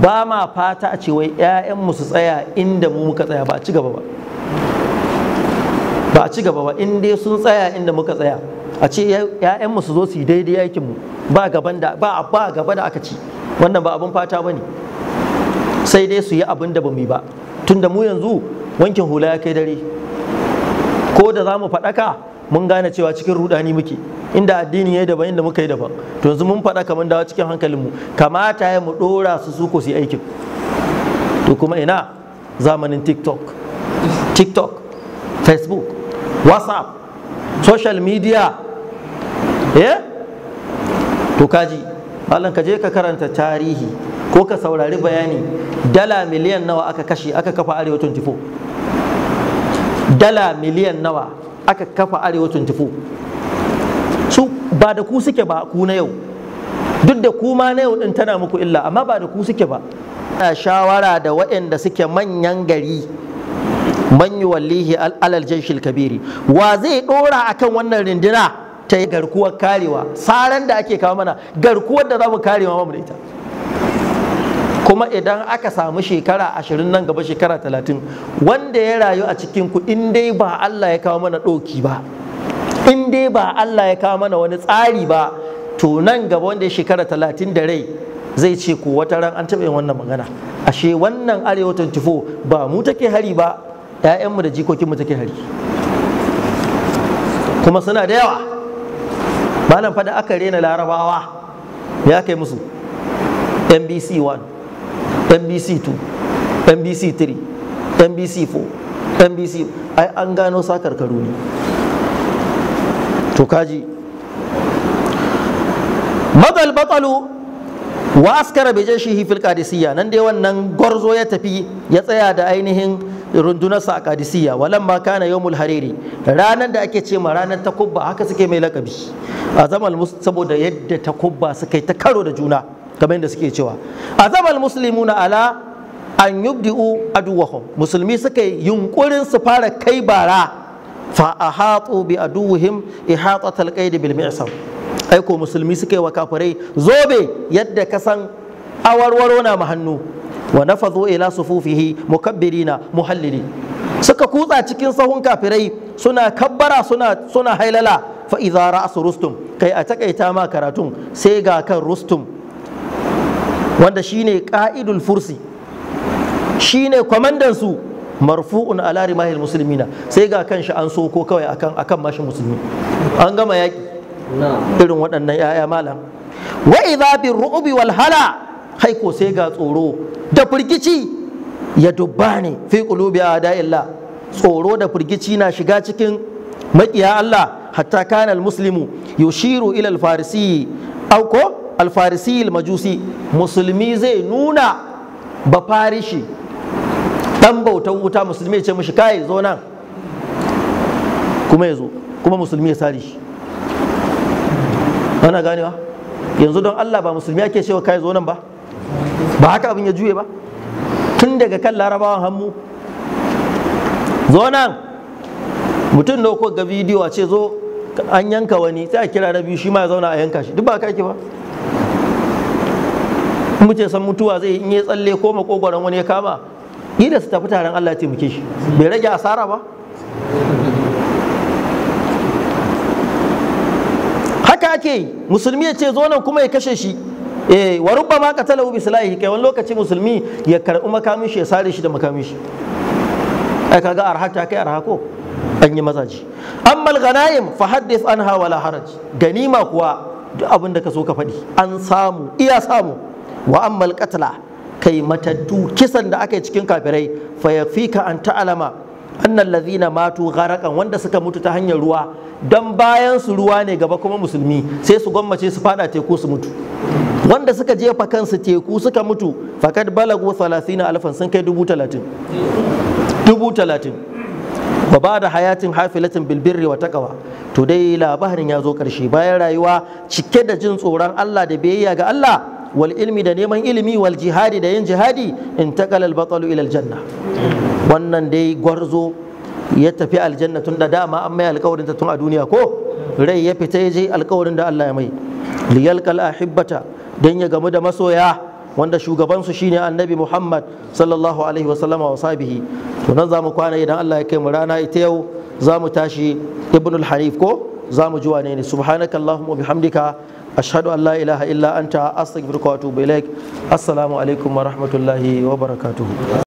ba ma fata a ce wai 'ya'yanmu su tsaya inda mu muka tsaya ba a ci gaba ba ba a ci gaba ba in dai sun tsaya inda muka tsaya a ce ‘ya'yanmu su zo su yi daidai aikinmu ba gaban da ba ba gaba da aka ci wannan ba abin fata ba ne sai dai su yi abin da ba mu yi ba tunda mu yanzu wankin hula ya kai dare ko da za mu faɗaka mun gane cewa cikin rudani muke inda addini ya yi daban inda muka yi daban to yanzu mun faɗaka mun dawa cikin hankalinmu kamata ya mu ɗora su su ko su yi aikin to kuma ina zamanin tiktok tiktok facebook whatsapp social media eh to kaji malam ka je ka karanta tarihi ko ka saurari bayani dala miliyan nawa aka kashe aka kafa arewa 24 dala miliyan nawa aka kafa arewa 24 su ba da ku suke ba ku na yau duk da ku ma na yau din tana muku illa amma ba da ku suke ba shawara da waɗanda suke manyan gari man yuwallihi alal jaishil kabiri wa zai dora akan wannan rindina ta yi garkuwar karewa saran da ake kawo mana garkuwar da za mu karewa mu da ita kuma idan aka samu shekara ashirin nan gaba shekara talatin wanda ya rayu a cikin ku in dai ba Allah ya kawo mana ɗoki ba in dai ba Allah ya kawo mana wani tsari ba to nan gaba wanda ya shekara talatin da rai zai ce ku wata ran an taɓa yin wannan magana ashe wannan arewa 24 ba mu take hari ba 'ya'yanmu da jikokinmu take hari kuma suna da yawa malam fada aka rena larabawa ya kai musu mbc 1 mbc 2 mbc 3 mbc 4 mbc ai an gano sakarkaru ne to kaji madal batalu wa askara bejen shi fil qadisiyya nan dai wannan gwarzo ya tafi ya tsaya da ainihin rundunarsa a kadisiya walan ma kana yawmul hariri ranar da ake ce ma ranar takubba haka suke mai lakabi azamal muslim saboda yadda takubba suka yi ta karo da juna kamar yadda suke cewa Musulmi na ala an yubdi'u aduwahum musulmi suka yi yunkurin su fara kai bara fa hatsu bi aduwihim ihatatal qaid bil mi'sam aiko musulmi suka yi wa kafirai zobe yadda ka san awarwaro na hannu wa nafadhu ila sufufihi mukabbirina muhallili suka kutsa cikin sahun kafirai suna kabbara suna suna hailala fa idza ra'su rustum kai a takaita ma karatun sai ga kan rustum wanda shine qa'idul fursi shine kwamandansu su marfu'un ala rimahil muslimina sai ga kan shi an so ko kawai akan akan mashin musulmi an gama yaki irin waɗannan 'ya'ya malam wa idza ru'ubi wal hala haiko sai ga tsoro da firgici ya dubba ne fi da illa tsoro da firgici na shiga cikin maƙiya Allah hatta kana al-muslimu yushiru ila al-farisi aw ko al-majusi musulmi zai nuna ba farishi dan bautan wuta musulmi ya ce mishi kai zo nan kuma ya zo kuma musulmi ya sare shi ana ganewa yanzu don Allah ba musulmi ake cewa kai zo nan ba ba haka abin ya juye ba tun daga kan larabawan hannu zo nan mutum da ko ga bidiyo a ce zo an yanka wani sai a kira na biyu shi ma ya zauna a yanka shi duk ba ka ba in ce san mutuwa zai in ya tsalle ko makogoron wani ya kama yi da su tafi taron Allah ya taimake shi bai rage asara ba haka ake musulmi ya ce zo nan kuma ya kashe shi eh wa rubbama qatalahu bi silahi kai wani lokaci musulmi ya karbi makamin shi ya sare shi da makamin shi ai kaga arha ta kai arha ko an yi mazaji ammal ghanaim fa haddith anha wala haraj ganima kuwa duk abin da ka so ka faɗi an samu iya samu wa ammal qatla kai matattu kisan da aka cikin kafirai fa yakfika an ta'alama annal ladhina matu gharaqan wanda suka mutu ta hanyar ruwa dan bayan su ruwa ne gaba kuma musulmi sai su gwammace su fada teku su mutu wanda suka jefa kansu teku suka mutu fakad balagu 30 alfan sun kai dubu talatin dubu talatin ba da hayatin hafilatin bilbirri wa takawa to dai labarin ya zo karshe bayan rayuwa cike da jin tsoron Allah da biyayya ga Allah wal ilmi da neman ilimi wal jihadi da yin jihadi in takalal batalu ila wannan dai gwarzo ya tafi aljanna tun da dama an mai alkawarin ta tun a duniya ko rai ya fita ya je alkawarin da Allah ya mai liyalkal ahibbata don ya gamu da masoya wanda shugabansu shine annabi muhammad sallallahu alaihi wasallama wa sabihi to nan za mu kwana idan allah ya kai mu rana ita yau za mu tashi IbnulHanif ko za mu ji wane ne subhanaka allahumma bihamdika ashhadu an la ilaha illa anta astaghfiruka wa atubu ilaik assalamu alaikum wa rahmatullahi wa barakatuhu